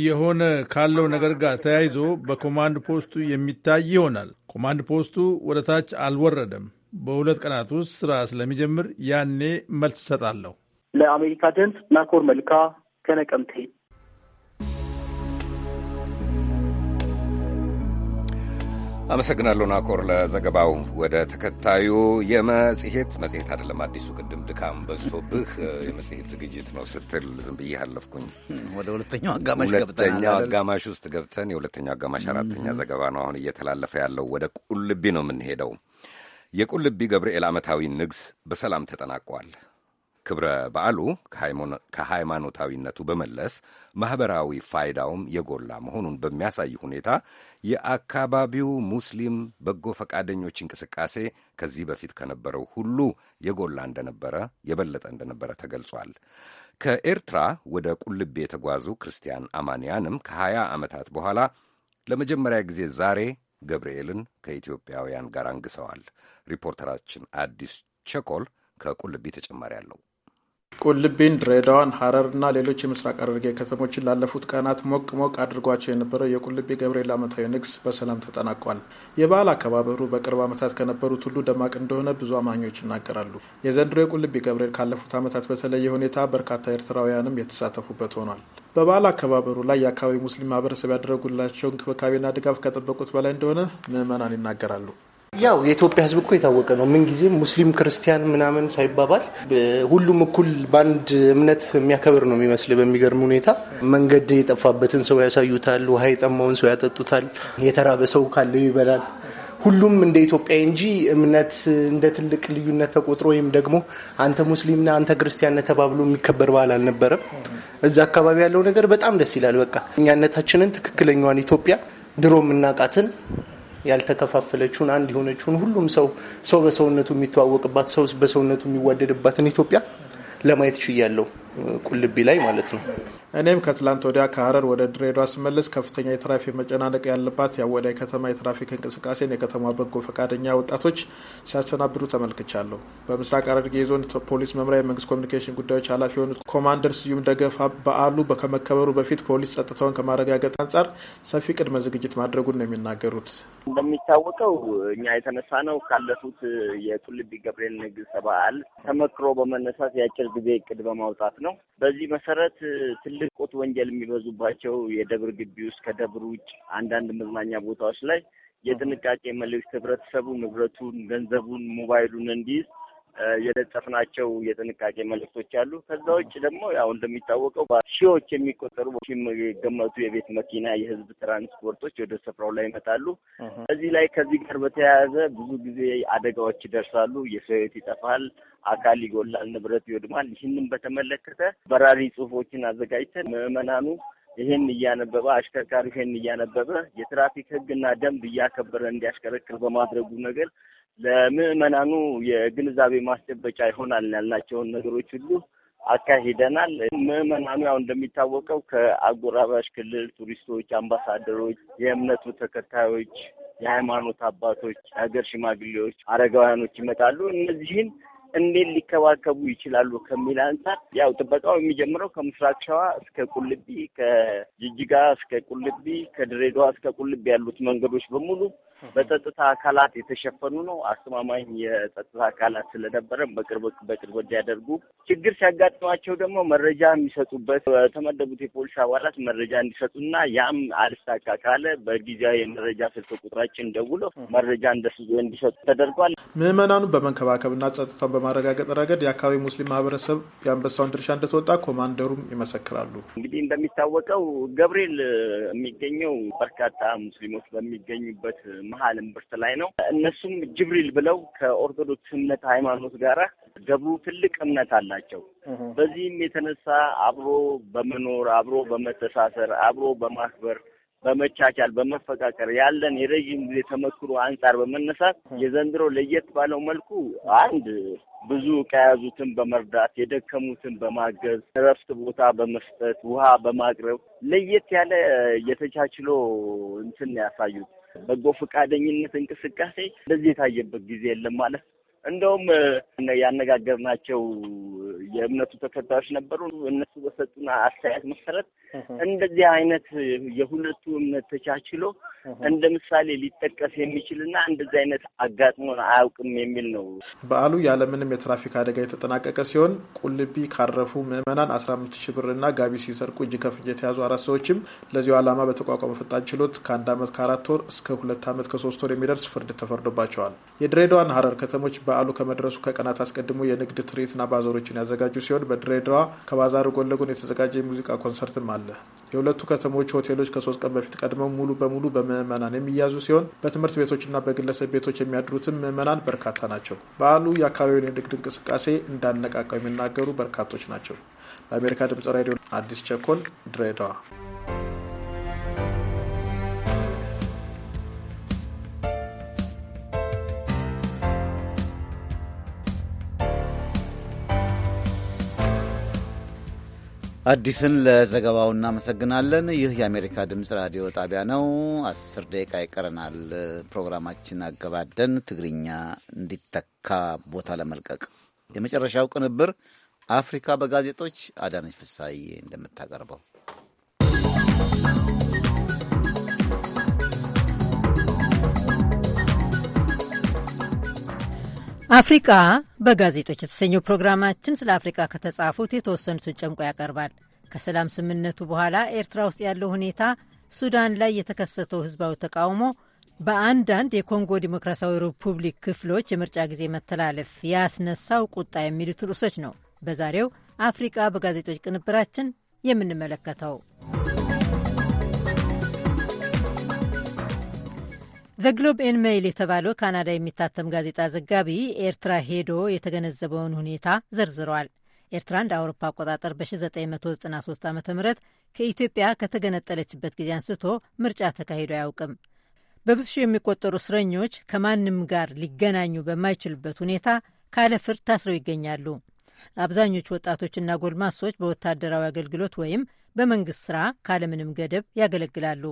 የሆነ ካለው ነገር ጋር ተያይዞ በኮማንድ ፖስቱ የሚታይ ይሆናል። ኮማንድ ፖስቱ ወደ ታች አልወረደም። በሁለት ቀናት ውስጥ ስራ ስለሚጀምር ያኔ መልስ እሰጣለሁ። ለአሜሪካ ድምፅ ናኮር መልካ ከነቀምቴ አመሰግናለሁ ናኮር ለዘገባው። ወደ ተከታዩ የመጽሔት መጽሔት አይደለም አዲሱ ቅድም ድካም በዝቶብህ የመጽሔት ዝግጅት ነው ስትል ዝም ብዬ አለፍኩኝ። ወደ ሁለተኛው አጋማሽ ሁለተኛው አጋማሽ ውስጥ ገብተን የሁለተኛው አጋማሽ አራተኛ ዘገባ ነው አሁን እየተላለፈ ያለው። ወደ ቁልቢ ነው የምንሄደው። የቁልቢ ገብርኤል ዓመታዊ ንግስ በሰላም ተጠናቋል። ክብረ በዓሉ ከሃይማኖታዊነቱ በመለስ ማኅበራዊ ፋይዳውም የጎላ መሆኑን በሚያሳይ ሁኔታ የአካባቢው ሙስሊም በጎ ፈቃደኞች እንቅስቃሴ ከዚህ በፊት ከነበረው ሁሉ የጎላ እንደነበረ የበለጠ እንደነበረ ተገልጿል። ከኤርትራ ወደ ቁልቢ የተጓዙ ክርስቲያን አማንያንም ከሀያ ዓመታት በኋላ ለመጀመሪያ ጊዜ ዛሬ ገብርኤልን ከኢትዮጵያውያን ጋር አንግሰዋል። ሪፖርተራችን አዲስ ቸኮል ከቁልቢ ተጨማሪ አለው። ቁልቢን፣ ድሬዳዋን፣ እና ሌሎች የምስራቅ ሐረርጌ ከተሞችን ላለፉት ቀናት ሞቅ ሞቅ አድርጓቸው የነበረው የቁልቢ ገብርኤል ዓመታዊ ንግስ በሰላም ተጠናቋል። የበዓል አከባበሩ በቅርብ ዓመታት ከነበሩት ሁሉ ደማቅ እንደሆነ ብዙ አማኞች ይናገራሉ። የዘንድሮ የቁልቢ ገብርኤል ካለፉት ዓመታት በተለየ ሁኔታ በርካታ ኤርትራውያንም የተሳተፉበት ሆኗል። በበዓል አከባበሩ ላይ የአካባቢ ሙስሊም ማህበረሰብ ያደረጉላቸው እንክብካቤና ድጋፍ ከጠበቁት በላይ እንደሆነ ምዕመናን ይናገራሉ። ያው የኢትዮጵያ ሕዝብ እኮ የታወቀ ነው። ምን ጊዜ ሙስሊም ክርስቲያን ምናምን ሳይባባል ሁሉም እኩል በአንድ እምነት የሚያከብር ነው የሚመስል በሚገርም ሁኔታ መንገድ የጠፋበትን ሰው ያሳዩታል። ውሃ የጠማውን ሰው ያጠጡታል። የተራበ ሰው ካለው ይበላል። ሁሉም እንደ ኢትዮጵያ እንጂ እምነት እንደ ትልቅ ልዩነት ተቆጥሮ ወይም ደግሞ አንተ ሙስሊምና አንተ ክርስቲያን ተባብሎ የሚከበር በዓል አልነበረም። እዛ አካባቢ ያለው ነገር በጣም ደስ ይላል። በቃ እኛነታችንን ትክክለኛዋን ኢትዮጵያ ድሮ የምናውቃትን ያልተከፋፈለችውን አንድ የሆነችውን ሁሉም ሰው ሰው በሰውነቱ የሚተዋወቅባት ሰው በሰውነቱ የሚዋደድባትን ኢትዮጵያ ለማየት ችያለሁ። ቁልቢ ላይ ማለት ነው። እኔም ከትላንት ወዲያ ከሀረር ወደ ድሬዳዋ ስመለስ ከፍተኛ የትራፊክ መጨናነቅ ያለባት የአወዳይ ከተማ የትራፊክ እንቅስቃሴን የከተማ በጎ ፈቃደኛ ወጣቶች ሲያስተናብዱ ተመልክቻለሁ። በምስራቅ ሐረርጌ ዞን ፖሊስ መምሪያ የመንግስት ኮሚኒኬሽን ጉዳዮች ኃላፊ የሆኑት ኮማንደር ስዩም ደገፋ በዓሉ ከመከበሩ በፊት ፖሊስ ጸጥታውን ከማረጋገጥ አንጻር ሰፊ ቅድመ ዝግጅት ማድረጉን ነው የሚናገሩት። እንደሚታወቀው እኛ የተነሳ ነው ካለፉት የቱልቢ ገብርኤል ንግሥ በዓል ተመክሮ በመነሳት የአጭር ጊዜ እቅድ በማውጣት ነው። በዚህ መሰረት ትል ስርቆት ወንጀል የሚበዙባቸው የደብር ግቢ ውስጥ ከደብር ውጭ አንዳንድ መዝናኛ ቦታዎች ላይ የጥንቃቄ መልእክት ህብረተሰቡ ንብረቱን፣ ገንዘቡን፣ ሞባይሉን እንዲይዝ የለጠፍናቸው የጥንቃቄ መልእክቶች አሉ። ከዛ ውጭ ደግሞ ያው እንደሚታወቀው ሺዎች የሚቆጠሩ የሚገመቱ የቤት መኪና፣ የህዝብ ትራንስፖርቶች ወደ ስፍራው ላይ ይመጣሉ። እዚህ ላይ ከዚህ ጋር በተያያዘ ብዙ ጊዜ አደጋዎች ይደርሳሉ። የሰው ህይወት ይጠፋል፣ አካል ይጎላል፣ ንብረት ይወድማል። ይህንን በተመለከተ በራሪ ጽሁፎችን አዘጋጅተን ምዕመናኑ ይሄን እያነበበ አሽከርካሪ ይሄን እያነበበ የትራፊክ ህግና ደንብ እያከበረ እንዲያሽከረክር በማድረጉ ነገር ለምዕመናኑ የግንዛቤ ማስጨበጫ ይሆናል ያልናቸውን ነገሮች ሁሉ አካሂደናል። ምዕመናኑ ያው እንደሚታወቀው ከአጎራባሽ ክልል ቱሪስቶች፣ አምባሳደሮች፣ የእምነቱ ተከታዮች፣ የሃይማኖት አባቶች፣ የሀገር ሽማግሌዎች፣ አረጋውያኖች ይመጣሉ። እነዚህን እንዴት ሊከባከቡ ይችላሉ ከሚል አንጻር ያው ጥበቃው የሚጀምረው ከምስራቅ ሸዋ እስከ ቁልቢ፣ ከጅጅጋ እስከ ቁልቢ፣ ከድሬዳዋ እስከ ቁልቢ ያሉት መንገዶች በሙሉ በጸጥታ አካላት የተሸፈኑ ነው። አስተማማኝ የጸጥታ አካላት ስለነበረ በቅርብ በቅርብ እንዲያደርጉ ችግር ሲያጋጥማቸው ደግሞ መረጃ የሚሰጡበት በተመደቡት የፖሊስ አባላት መረጃ እንዲሰጡና ያም አልሳካ ካለ በጊዜያዊ የመረጃ ስልክ ቁጥራችን ደውሎ መረጃ እንዲሰጡ ተደርጓል። ምዕመናኑን በመንከባከብና ጸጥታ በማረጋገጥ ረገድ የአካባቢ ሙስሊም ማህበረሰብ የአንበሳውን ድርሻ እንደተወጣ ኮማንደሩም ይመሰክራሉ። እንግዲህ እንደሚታወቀው ገብርኤል የሚገኘው በርካታ ሙስሊሞች በሚገኙበት መሀል እምብርት ላይ ነው። እነሱም ጅብሪል ብለው ከኦርቶዶክስ እምነት ሃይማኖት ጋራ ገብሩ ትልቅ እምነት አላቸው። በዚህም የተነሳ አብሮ በመኖር አብሮ በመተሳሰር አብሮ በማክበር በመቻቻል በመፈቃቀር ያለን የረዥም ጊዜ ተመክሮ አንጻር በመነሳት የዘንድሮ ለየት ባለው መልኩ አንድ ብዙ ዕቃ በመርዳት የደከሙትን በማገዝ እረፍት ቦታ በመስጠት ውሃ በማቅረብ ለየት ያለ የተቻችሎ እንትን ያሳዩት በጎ ፈቃደኝነት እንቅስቃሴ እንደዚህ የታየበት ጊዜ የለም ማለት እንደውም ያነጋገርናቸው የእምነቱ ተከታዮች ነበሩ። እነሱ በሰጡን አስተያየት መሰረት እንደዚህ አይነት የሁለቱ እምነት ተቻችሎ እንደ ምሳሌ ሊጠቀስ የሚችልና እንደዚህ አይነት አጋጥሞን አያውቅም የሚል ነው። በዓሉ ያለምንም የትራፊክ አደጋ የተጠናቀቀ ሲሆን ቁልቢ ካረፉ ምዕመናን አስራ አምስት ሺህ ብርና ጋቢ ሲሰርቁ እጅ ከፍንጅ የተያዙ አራት ሰዎችም ለዚሁ ዓላማ በተቋቋመ ፈጣን ችሎት ከአንድ ዓመት ከአራት ወር እስከ ሁለት ዓመት ከሶስት ወር የሚደርስ ፍርድ ተፈርዶባቸዋል። የድሬዳዋና ሀረር ከተሞች በዓሉ ከመድረሱ ከቀናት አስቀድሞ የንግድ ትርኢትና ባዛሮችን ያዘጋጁ ሲሆን በድሬዳዋ ከባዛሩ ጎን ለጎን የተዘጋጀ የሙዚቃ ኮንሰርትም አለ። የሁለቱ ከተሞች ሆቴሎች ከሶስት ቀን በፊት ቀድመው ሙሉ በሙሉ በምዕመናን የሚያዙ ሲሆን በትምህርት ቤቶችና በግለሰብ ቤቶች የሚያድሩትም ምዕመናን በርካታ ናቸው። በዓሉ የአካባቢውን የንግድ እንቅስቃሴ እንዳነቃቃው የሚናገሩ በርካቶች ናቸው። ለአሜሪካ ድምጽ ሬዲዮ አዲስ ቸኮል ድሬዳዋ አዲስን ለዘገባው እናመሰግናለን። ይህ የአሜሪካ ድምፅ ራዲዮ ጣቢያ ነው። አስር ደቂቃ ይቀረናል ፕሮግራማችን አገባደን ትግርኛ እንዲተካ ቦታ ለመልቀቅ የመጨረሻው ቅንብር አፍሪካ በጋዜጦች አዳነች ፍሳዬ እንደምታቀርበው አፍሪቃ በጋዜጦች የተሰኘው ፕሮግራማችን ስለ አፍሪቃ ከተጻፉት የተወሰኑትን ጨምቆ ያቀርባል። ከሰላም ስምምነቱ በኋላ ኤርትራ ውስጥ ያለው ሁኔታ፣ ሱዳን ላይ የተከሰተው ህዝባዊ ተቃውሞ፣ በአንዳንድ የኮንጎ ዲሞክራሲያዊ ሪፑብሊክ ክፍሎች የምርጫ ጊዜ መተላለፍ ያስነሳው ቁጣ የሚሉት ርዕሶች ነው በዛሬው አፍሪቃ በጋዜጦች ቅንብራችን የምንመለከተው። ግሎብ ኤን ሜይል የተባለው ካናዳ የሚታተም ጋዜጣ ዘጋቢ ኤርትራ ሄዶ የተገነዘበውን ሁኔታ ዘርዝረዋል። ኤርትራ እንደ አውሮፓ አቆጣጠር በ1993 ዓ ም ከኢትዮጵያ ከተገነጠለችበት ጊዜ አንስቶ ምርጫ ተካሂዶ አያውቅም። በብዙ ሺህ የሚቆጠሩ እስረኞች ከማንም ጋር ሊገናኙ በማይችሉበት ሁኔታ ካለ ፍርድ ታስረው ይገኛሉ። አብዛኞቹ ወጣቶችና ጎልማሶች በወታደራዊ አገልግሎት ወይም በመንግሥት ሥራ ካለምንም ገደብ ያገለግላሉ።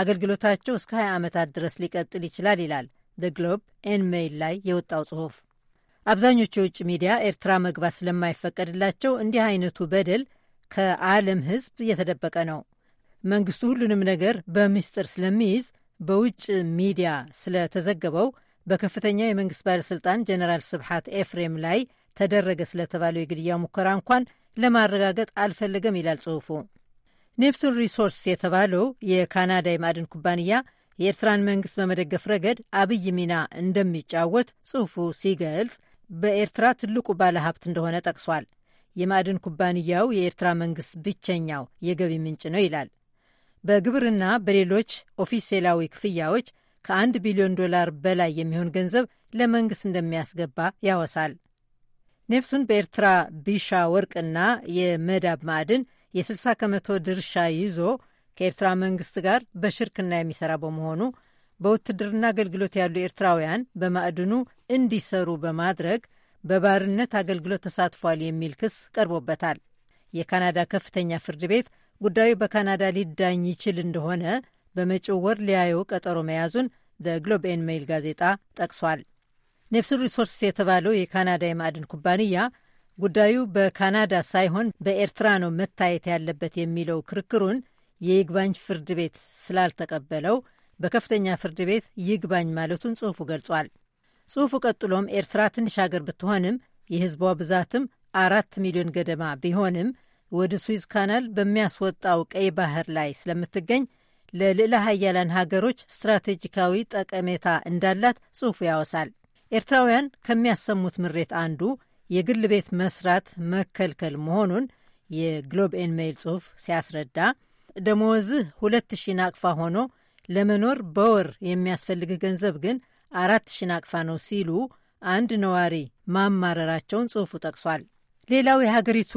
አገልግሎታቸው እስከ 20 ዓመታት ድረስ ሊቀጥል ይችላል ይላል ዘ ግሎብ ኤን ሜይል ላይ የወጣው ጽሑፍ። አብዛኞቹ የውጭ ሚዲያ ኤርትራ መግባት ስለማይፈቀድላቸው እንዲህ አይነቱ በደል ከዓለም ሕዝብ እየተደበቀ ነው። መንግስቱ ሁሉንም ነገር በምስጢር ስለሚይዝ በውጭ ሚዲያ ስለተዘገበው በከፍተኛ የመንግስት ባለሥልጣን ጀነራል ስብሓት ኤፍሬም ላይ ተደረገ ስለተባለው የግድያ ሙከራ እንኳን ለማረጋገጥ አልፈለገም ይላል ጽሑፉ። ኔፕቱን ሪሶርስ የተባለው የካናዳ የማዕድን ኩባንያ የኤርትራን መንግስት በመደገፍ ረገድ አብይ ሚና እንደሚጫወት ጽሑፉ ሲገልጽ በኤርትራ ትልቁ ባለሀብት እንደሆነ ጠቅሷል። የማዕድን ኩባንያው የኤርትራ መንግስት ብቸኛው የገቢ ምንጭ ነው ይላል። በግብርና በሌሎች ኦፊሴላዊ ክፍያዎች ከአንድ ቢሊዮን ዶላር በላይ የሚሆን ገንዘብ ለመንግስት እንደሚያስገባ ያወሳል። ኔፍሱን በኤርትራ ቢሻ ወርቅና የመዳብ ማዕድን የ60 ከመቶ ድርሻ ይዞ ከኤርትራ መንግስት ጋር በሽርክና የሚሰራ በመሆኑ በውትድርና አገልግሎት ያሉ ኤርትራውያን በማዕድኑ እንዲሰሩ በማድረግ በባርነት አገልግሎት ተሳትፏል የሚል ክስ ቀርቦበታል። የካናዳ ከፍተኛ ፍርድ ቤት ጉዳዩ በካናዳ ሊዳኝ ይችል እንደሆነ በመጪው ወር ሊያየው ቀጠሮ መያዙን ግሎብ ኤን ሜይል ጋዜጣ ጠቅሷል። ኔፕስል ሪሶርስ የተባለው የካናዳ የማዕድን ኩባንያ ጉዳዩ በካናዳ ሳይሆን በኤርትራ ነው መታየት ያለበት የሚለው ክርክሩን የይግባኝ ፍርድ ቤት ስላልተቀበለው በከፍተኛ ፍርድ ቤት ይግባኝ ማለቱን ጽሑፉ ገልጿል። ጽሑፉ ቀጥሎም ኤርትራ ትንሽ አገር ብትሆንም የሕዝቧ ብዛትም አራት ሚሊዮን ገደማ ቢሆንም ወደ ስዊዝ ካናል በሚያስወጣው ቀይ ባህር ላይ ስለምትገኝ ለልዕለ ሀያላን ሀገሮች ስትራቴጂካዊ ጠቀሜታ እንዳላት ጽሑፉ ያወሳል። ኤርትራውያን ከሚያሰሙት ምሬት አንዱ የግል ቤት መስራት መከልከል መሆኑን የግሎብ ኤን ሜይል ጽሑፍ ሲያስረዳ ደሞዝህ ሁለት ሺ ናቅፋ ሆኖ ለመኖር በወር የሚያስፈልግህ ገንዘብ ግን አራት ሺ ናቅፋ ነው ሲሉ አንድ ነዋሪ ማማረራቸውን ጽሑፉ ጠቅሷል። ሌላው የሀገሪቱ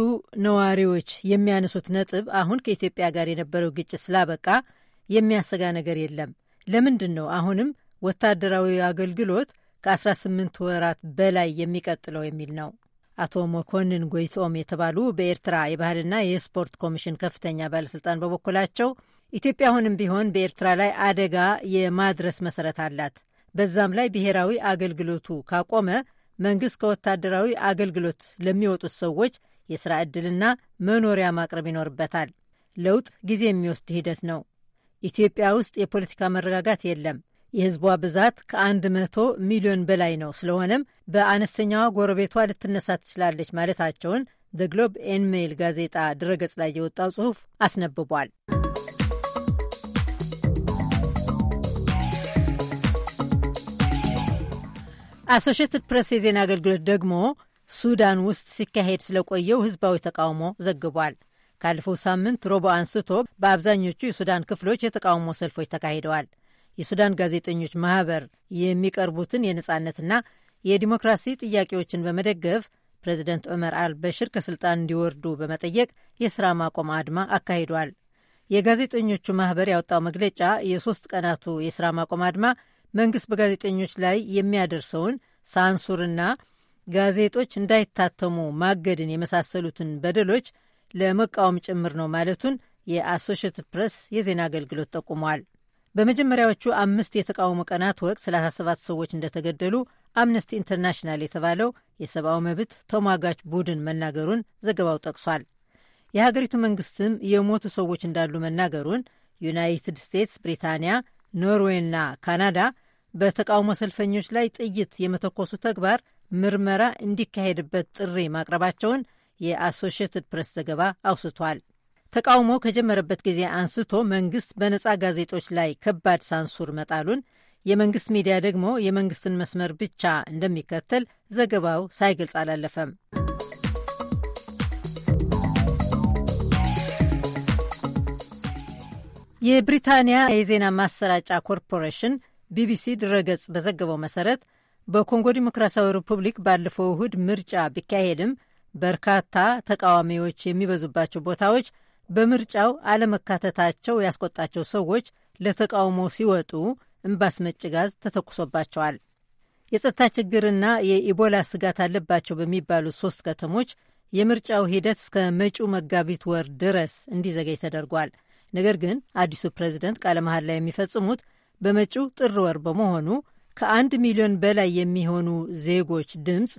ነዋሪዎች የሚያነሱት ነጥብ አሁን ከኢትዮጵያ ጋር የነበረው ግጭት ስላበቃ የሚያሰጋ ነገር የለም። ለምንድን ነው አሁንም ወታደራዊ አገልግሎት ከ18 ወራት በላይ የሚቀጥለው የሚል ነው። አቶ መኮንን ጎይቶም የተባሉ በኤርትራ የባህልና የስፖርት ኮሚሽን ከፍተኛ ባለሥልጣን በበኩላቸው ኢትዮጵያ አሁንም ቢሆን በኤርትራ ላይ አደጋ የማድረስ መሰረት አላት። በዛም ላይ ብሔራዊ አገልግሎቱ ካቆመ መንግሥት ከወታደራዊ አገልግሎት ለሚወጡት ሰዎች የሥራ ዕድልና መኖሪያ ማቅረብ ይኖርበታል። ለውጥ ጊዜ የሚወስድ ሂደት ነው። ኢትዮጵያ ውስጥ የፖለቲካ መረጋጋት የለም። የህዝቧ ብዛት ከአንድ መቶ ሚሊዮን በላይ ነው። ስለሆነም በአነስተኛዋ ጎረቤቷ ልትነሳ ትችላለች ማለታቸውን ዘ ግሎብ ኤን ሜይል ጋዜጣ ድረገጽ ላይ የወጣው ጽሑፍ አስነብቧል። አሶሽትድ ፕሬስ የዜና አገልግሎት ደግሞ ሱዳን ውስጥ ሲካሄድ ስለቆየው ህዝባዊ ተቃውሞ ዘግቧል። ካለፈው ሳምንት ሮቦ አንስቶ በአብዛኞቹ የሱዳን ክፍሎች የተቃውሞ ሰልፎች ተካሂደዋል። የሱዳን ጋዜጠኞች ማህበር የሚቀርቡትን የነጻነትና የዲሞክራሲ ጥያቄዎችን በመደገፍ ፕሬዚደንት ዑመር አልበሽር ከስልጣን እንዲወርዱ በመጠየቅ የሥራ ማቆም አድማ አካሂዷል። የጋዜጠኞቹ ማህበር ያወጣው መግለጫ የሦስት ቀናቱ የሥራ ማቆም አድማ መንግሥት በጋዜጠኞች ላይ የሚያደርሰውን ሳንሱርና ጋዜጦች እንዳይታተሙ ማገድን የመሳሰሉትን በደሎች ለመቃወም ጭምር ነው ማለቱን የአሶሽትድ ፕሬስ የዜና አገልግሎት ጠቁሟል። በመጀመሪያዎቹ አምስት የተቃውሞ ቀናት ወቅት 37 ሰዎች እንደተገደሉ አምነስቲ ኢንተርናሽናል የተባለው የሰብአዊ መብት ተሟጋች ቡድን መናገሩን ዘገባው ጠቅሷል። የሀገሪቱ መንግስትም የሞቱ ሰዎች እንዳሉ መናገሩን ዩናይትድ ስቴትስ፣ ብሪታንያ፣ ኖርዌይና ካናዳ በተቃውሞ ሰልፈኞች ላይ ጥይት የመተኮሱ ተግባር ምርመራ እንዲካሄድበት ጥሪ ማቅረባቸውን የአሶሽየትድ ፕሬስ ዘገባ አውስቷል። ተቃውሞ ከጀመረበት ጊዜ አንስቶ መንግስት በነጻ ጋዜጦች ላይ ከባድ ሳንሱር መጣሉን፣ የመንግስት ሚዲያ ደግሞ የመንግስትን መስመር ብቻ እንደሚከተል ዘገባው ሳይገልጽ አላለፈም። የብሪታንያ የዜና ማሰራጫ ኮርፖሬሽን ቢቢሲ ድረገጽ በዘገበው መሰረት በኮንጎ ዲሞክራሲያዊ ሪፑብሊክ ባለፈው እሁድ ምርጫ ቢካሄድም በርካታ ተቃዋሚዎች የሚበዙባቸው ቦታዎች በምርጫው አለመካተታቸው ያስቆጣቸው ሰዎች ለተቃውሞ ሲወጡ እምባስ መጭጋዝ ጋዝ ተተኩሶባቸዋል። የጸጥታ ችግርና የኢቦላ ስጋት አለባቸው በሚባሉት ሶስት ከተሞች የምርጫው ሂደት እስከ መጪው መጋቢት ወር ድረስ እንዲዘገይ ተደርጓል። ነገር ግን አዲሱ ፕሬዝደንት ቃለ መሐላ የሚፈጽሙት በመጪው ጥር ወር በመሆኑ ከአንድ ሚሊዮን በላይ የሚሆኑ ዜጎች ድምፅ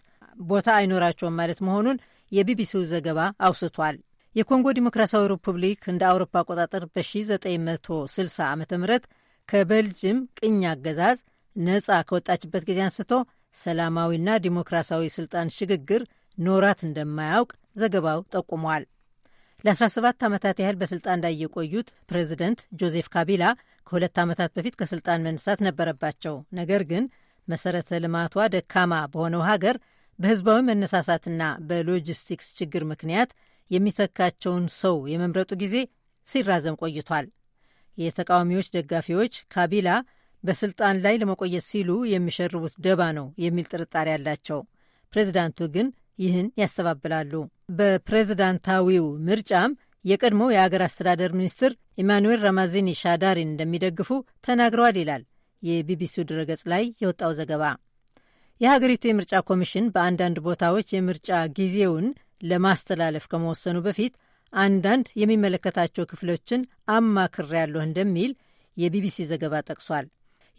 ቦታ አይኖራቸውም ማለት መሆኑን የቢቢሲው ዘገባ አውስቷል። የኮንጎ ዲሞክራሲያዊ ሪፑብሊክ እንደ አውሮፓ አቆጣጠር በ1960 ዓ ም ከበልጅም ቅኝ አገዛዝ ነጻ ከወጣችበት ጊዜ አንስቶ ሰላማዊና ዲሞክራሲያዊ ስልጣን ሽግግር ኖራት እንደማያውቅ ዘገባው ጠቁሟል። ለ17 ዓመታት ያህል በስልጣን ላይ የቆዩት ፕሬዚደንት ጆዜፍ ካቢላ ከሁለት ዓመታት በፊት ከስልጣን መነሳት ነበረባቸው። ነገር ግን መሰረተ ልማቷ ደካማ በሆነው ሀገር በህዝባዊ መነሳሳትና በሎጂስቲክስ ችግር ምክንያት የሚተካቸውን ሰው የመምረጡ ጊዜ ሲራዘም ቆይቷል። የተቃዋሚዎች ደጋፊዎች ካቢላ በስልጣን ላይ ለመቆየት ሲሉ የሚሸርቡት ደባ ነው የሚል ጥርጣሬ አላቸው። ፕሬዚዳንቱ ግን ይህን ያስተባብላሉ። በፕሬዝዳንታዊው ምርጫም የቀድሞው የአገር አስተዳደር ሚኒስትር ኢማኑዌል ራማዚኒ ሻዳሪን እንደሚደግፉ ተናግረዋል ይላል የቢቢሲው ድረገጽ ላይ የወጣው ዘገባ። የሀገሪቱ የምርጫ ኮሚሽን በአንዳንድ ቦታዎች የምርጫ ጊዜውን ለማስተላለፍ ከመወሰኑ በፊት አንዳንድ የሚመለከታቸው ክፍሎችን አማክሬያለሁ እንደሚል የቢቢሲ ዘገባ ጠቅሷል።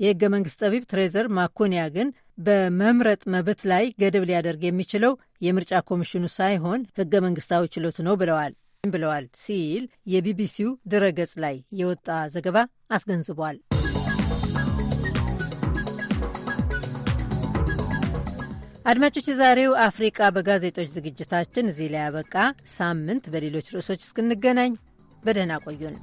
የሕገ መንግሥት ጠቢብ ትሬዘር ማኮንያ ግን በመምረጥ መብት ላይ ገደብ ሊያደርግ የሚችለው የምርጫ ኮሚሽኑ ሳይሆን ሕገ መንግሥታዊ ችሎት ነው ብለዋል ብለዋል ሲል የቢቢሲው ድረገጽ ላይ የወጣ ዘገባ አስገንዝቧል። አድማጮች፣ የዛሬው አፍሪቃ በጋዜጦች ዝግጅታችን እዚህ ላይ ያበቃ። ሳምንት በሌሎች ርዕሶች እስክንገናኝ በደህና ቆዩን።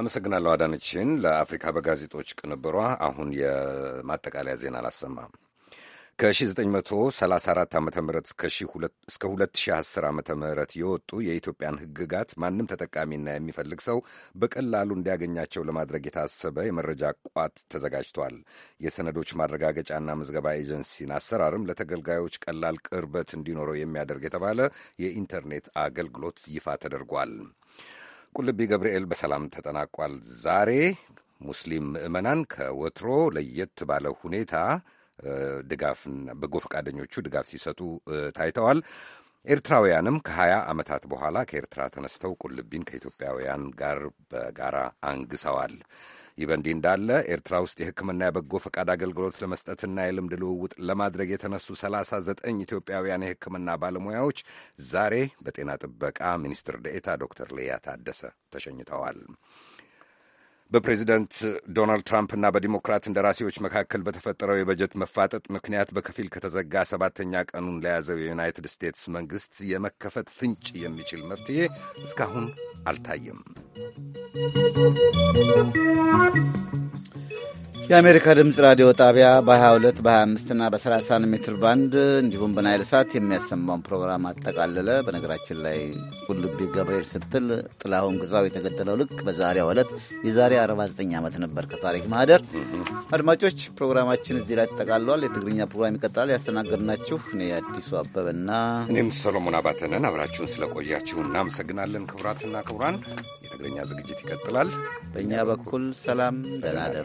አመሰግናለሁ አዳነችን ለአፍሪካ በጋዜጦች ቅንብሯ። አሁን የማጠቃለያ ዜና አላሰማም። ከ1934 ዓ ም እስከ 2010 ዓ ም የወጡ የኢትዮጵያን ህግጋት ማንም ተጠቃሚና የሚፈልግ ሰው በቀላሉ እንዲያገኛቸው ለማድረግ የታሰበ የመረጃ ቋት ተዘጋጅቷል። የሰነዶች ማረጋገጫና ምዝገባ ኤጀንሲን አሰራርም ለተገልጋዮች ቀላል ቅርበት እንዲኖረው የሚያደርግ የተባለ የኢንተርኔት አገልግሎት ይፋ ተደርጓል። ቁልቢ ገብርኤል በሰላም ተጠናቋል። ዛሬ ሙስሊም ምዕመናን ከወትሮ ለየት ባለ ሁኔታ ድጋፍን በጎ ፈቃደኞቹ ድጋፍ ሲሰጡ ታይተዋል። ኤርትራውያንም ከ20 ዓመታት በኋላ ከኤርትራ ተነስተው ቁልቢን ከኢትዮጵያውያን ጋር በጋራ አንግሰዋል። ይህ በእንዲህ እንዳለ ኤርትራ ውስጥ የሕክምና የበጎ ፈቃድ አገልግሎት ለመስጠትና የልምድ ልውውጥ ለማድረግ የተነሱ 39 ኢትዮጵያውያን የሕክምና ባለሙያዎች ዛሬ በጤና ጥበቃ ሚኒስትር ደኤታ ዶክተር ሌያ ታደሰ ተሸኝተዋል። በፕሬዚደንት ዶናልድ ትራምፕና በዲሞክራት እንደራሴዎች መካከል በተፈጠረው የበጀት መፋጠጥ ምክንያት በከፊል ከተዘጋ ሰባተኛ ቀኑን ለያዘው የዩናይትድ ስቴትስ መንግሥት የመከፈት ፍንጭ የሚችል መፍትሄ እስካሁን አልታየም። የአሜሪካ ድምፅ ራዲዮ ጣቢያ በ22 በ25 እና በ31 ሜትር ባንድ እንዲሁም በናይል ሳት የሚያሰማውን ፕሮግራም አጠቃለለ። በነገራችን ላይ ሁሉቢ ገብርኤል ስትል ጥላሁን ግዛው የተገደለው ልክ በዛሬው ዕለት የዛሬ 49 ዓመት ነበር ከታሪክ ማህደር። አድማጮች ፕሮግራማችን እዚህ ላይ ተጠቃልሏል። የትግርኛ ፕሮግራም ይቀጥላል። ያስተናገድናችሁ እኔ አዲሱ አበበና እኔም ሰሎሞን አባተነን። አብራችሁን ስለቆያችሁ እናመሰግናለን። ክቡራትና ክቡራን የትግርኛ ዝግጅት ይቀጥላል። በእኛ በኩል ሰላም፣ ደህና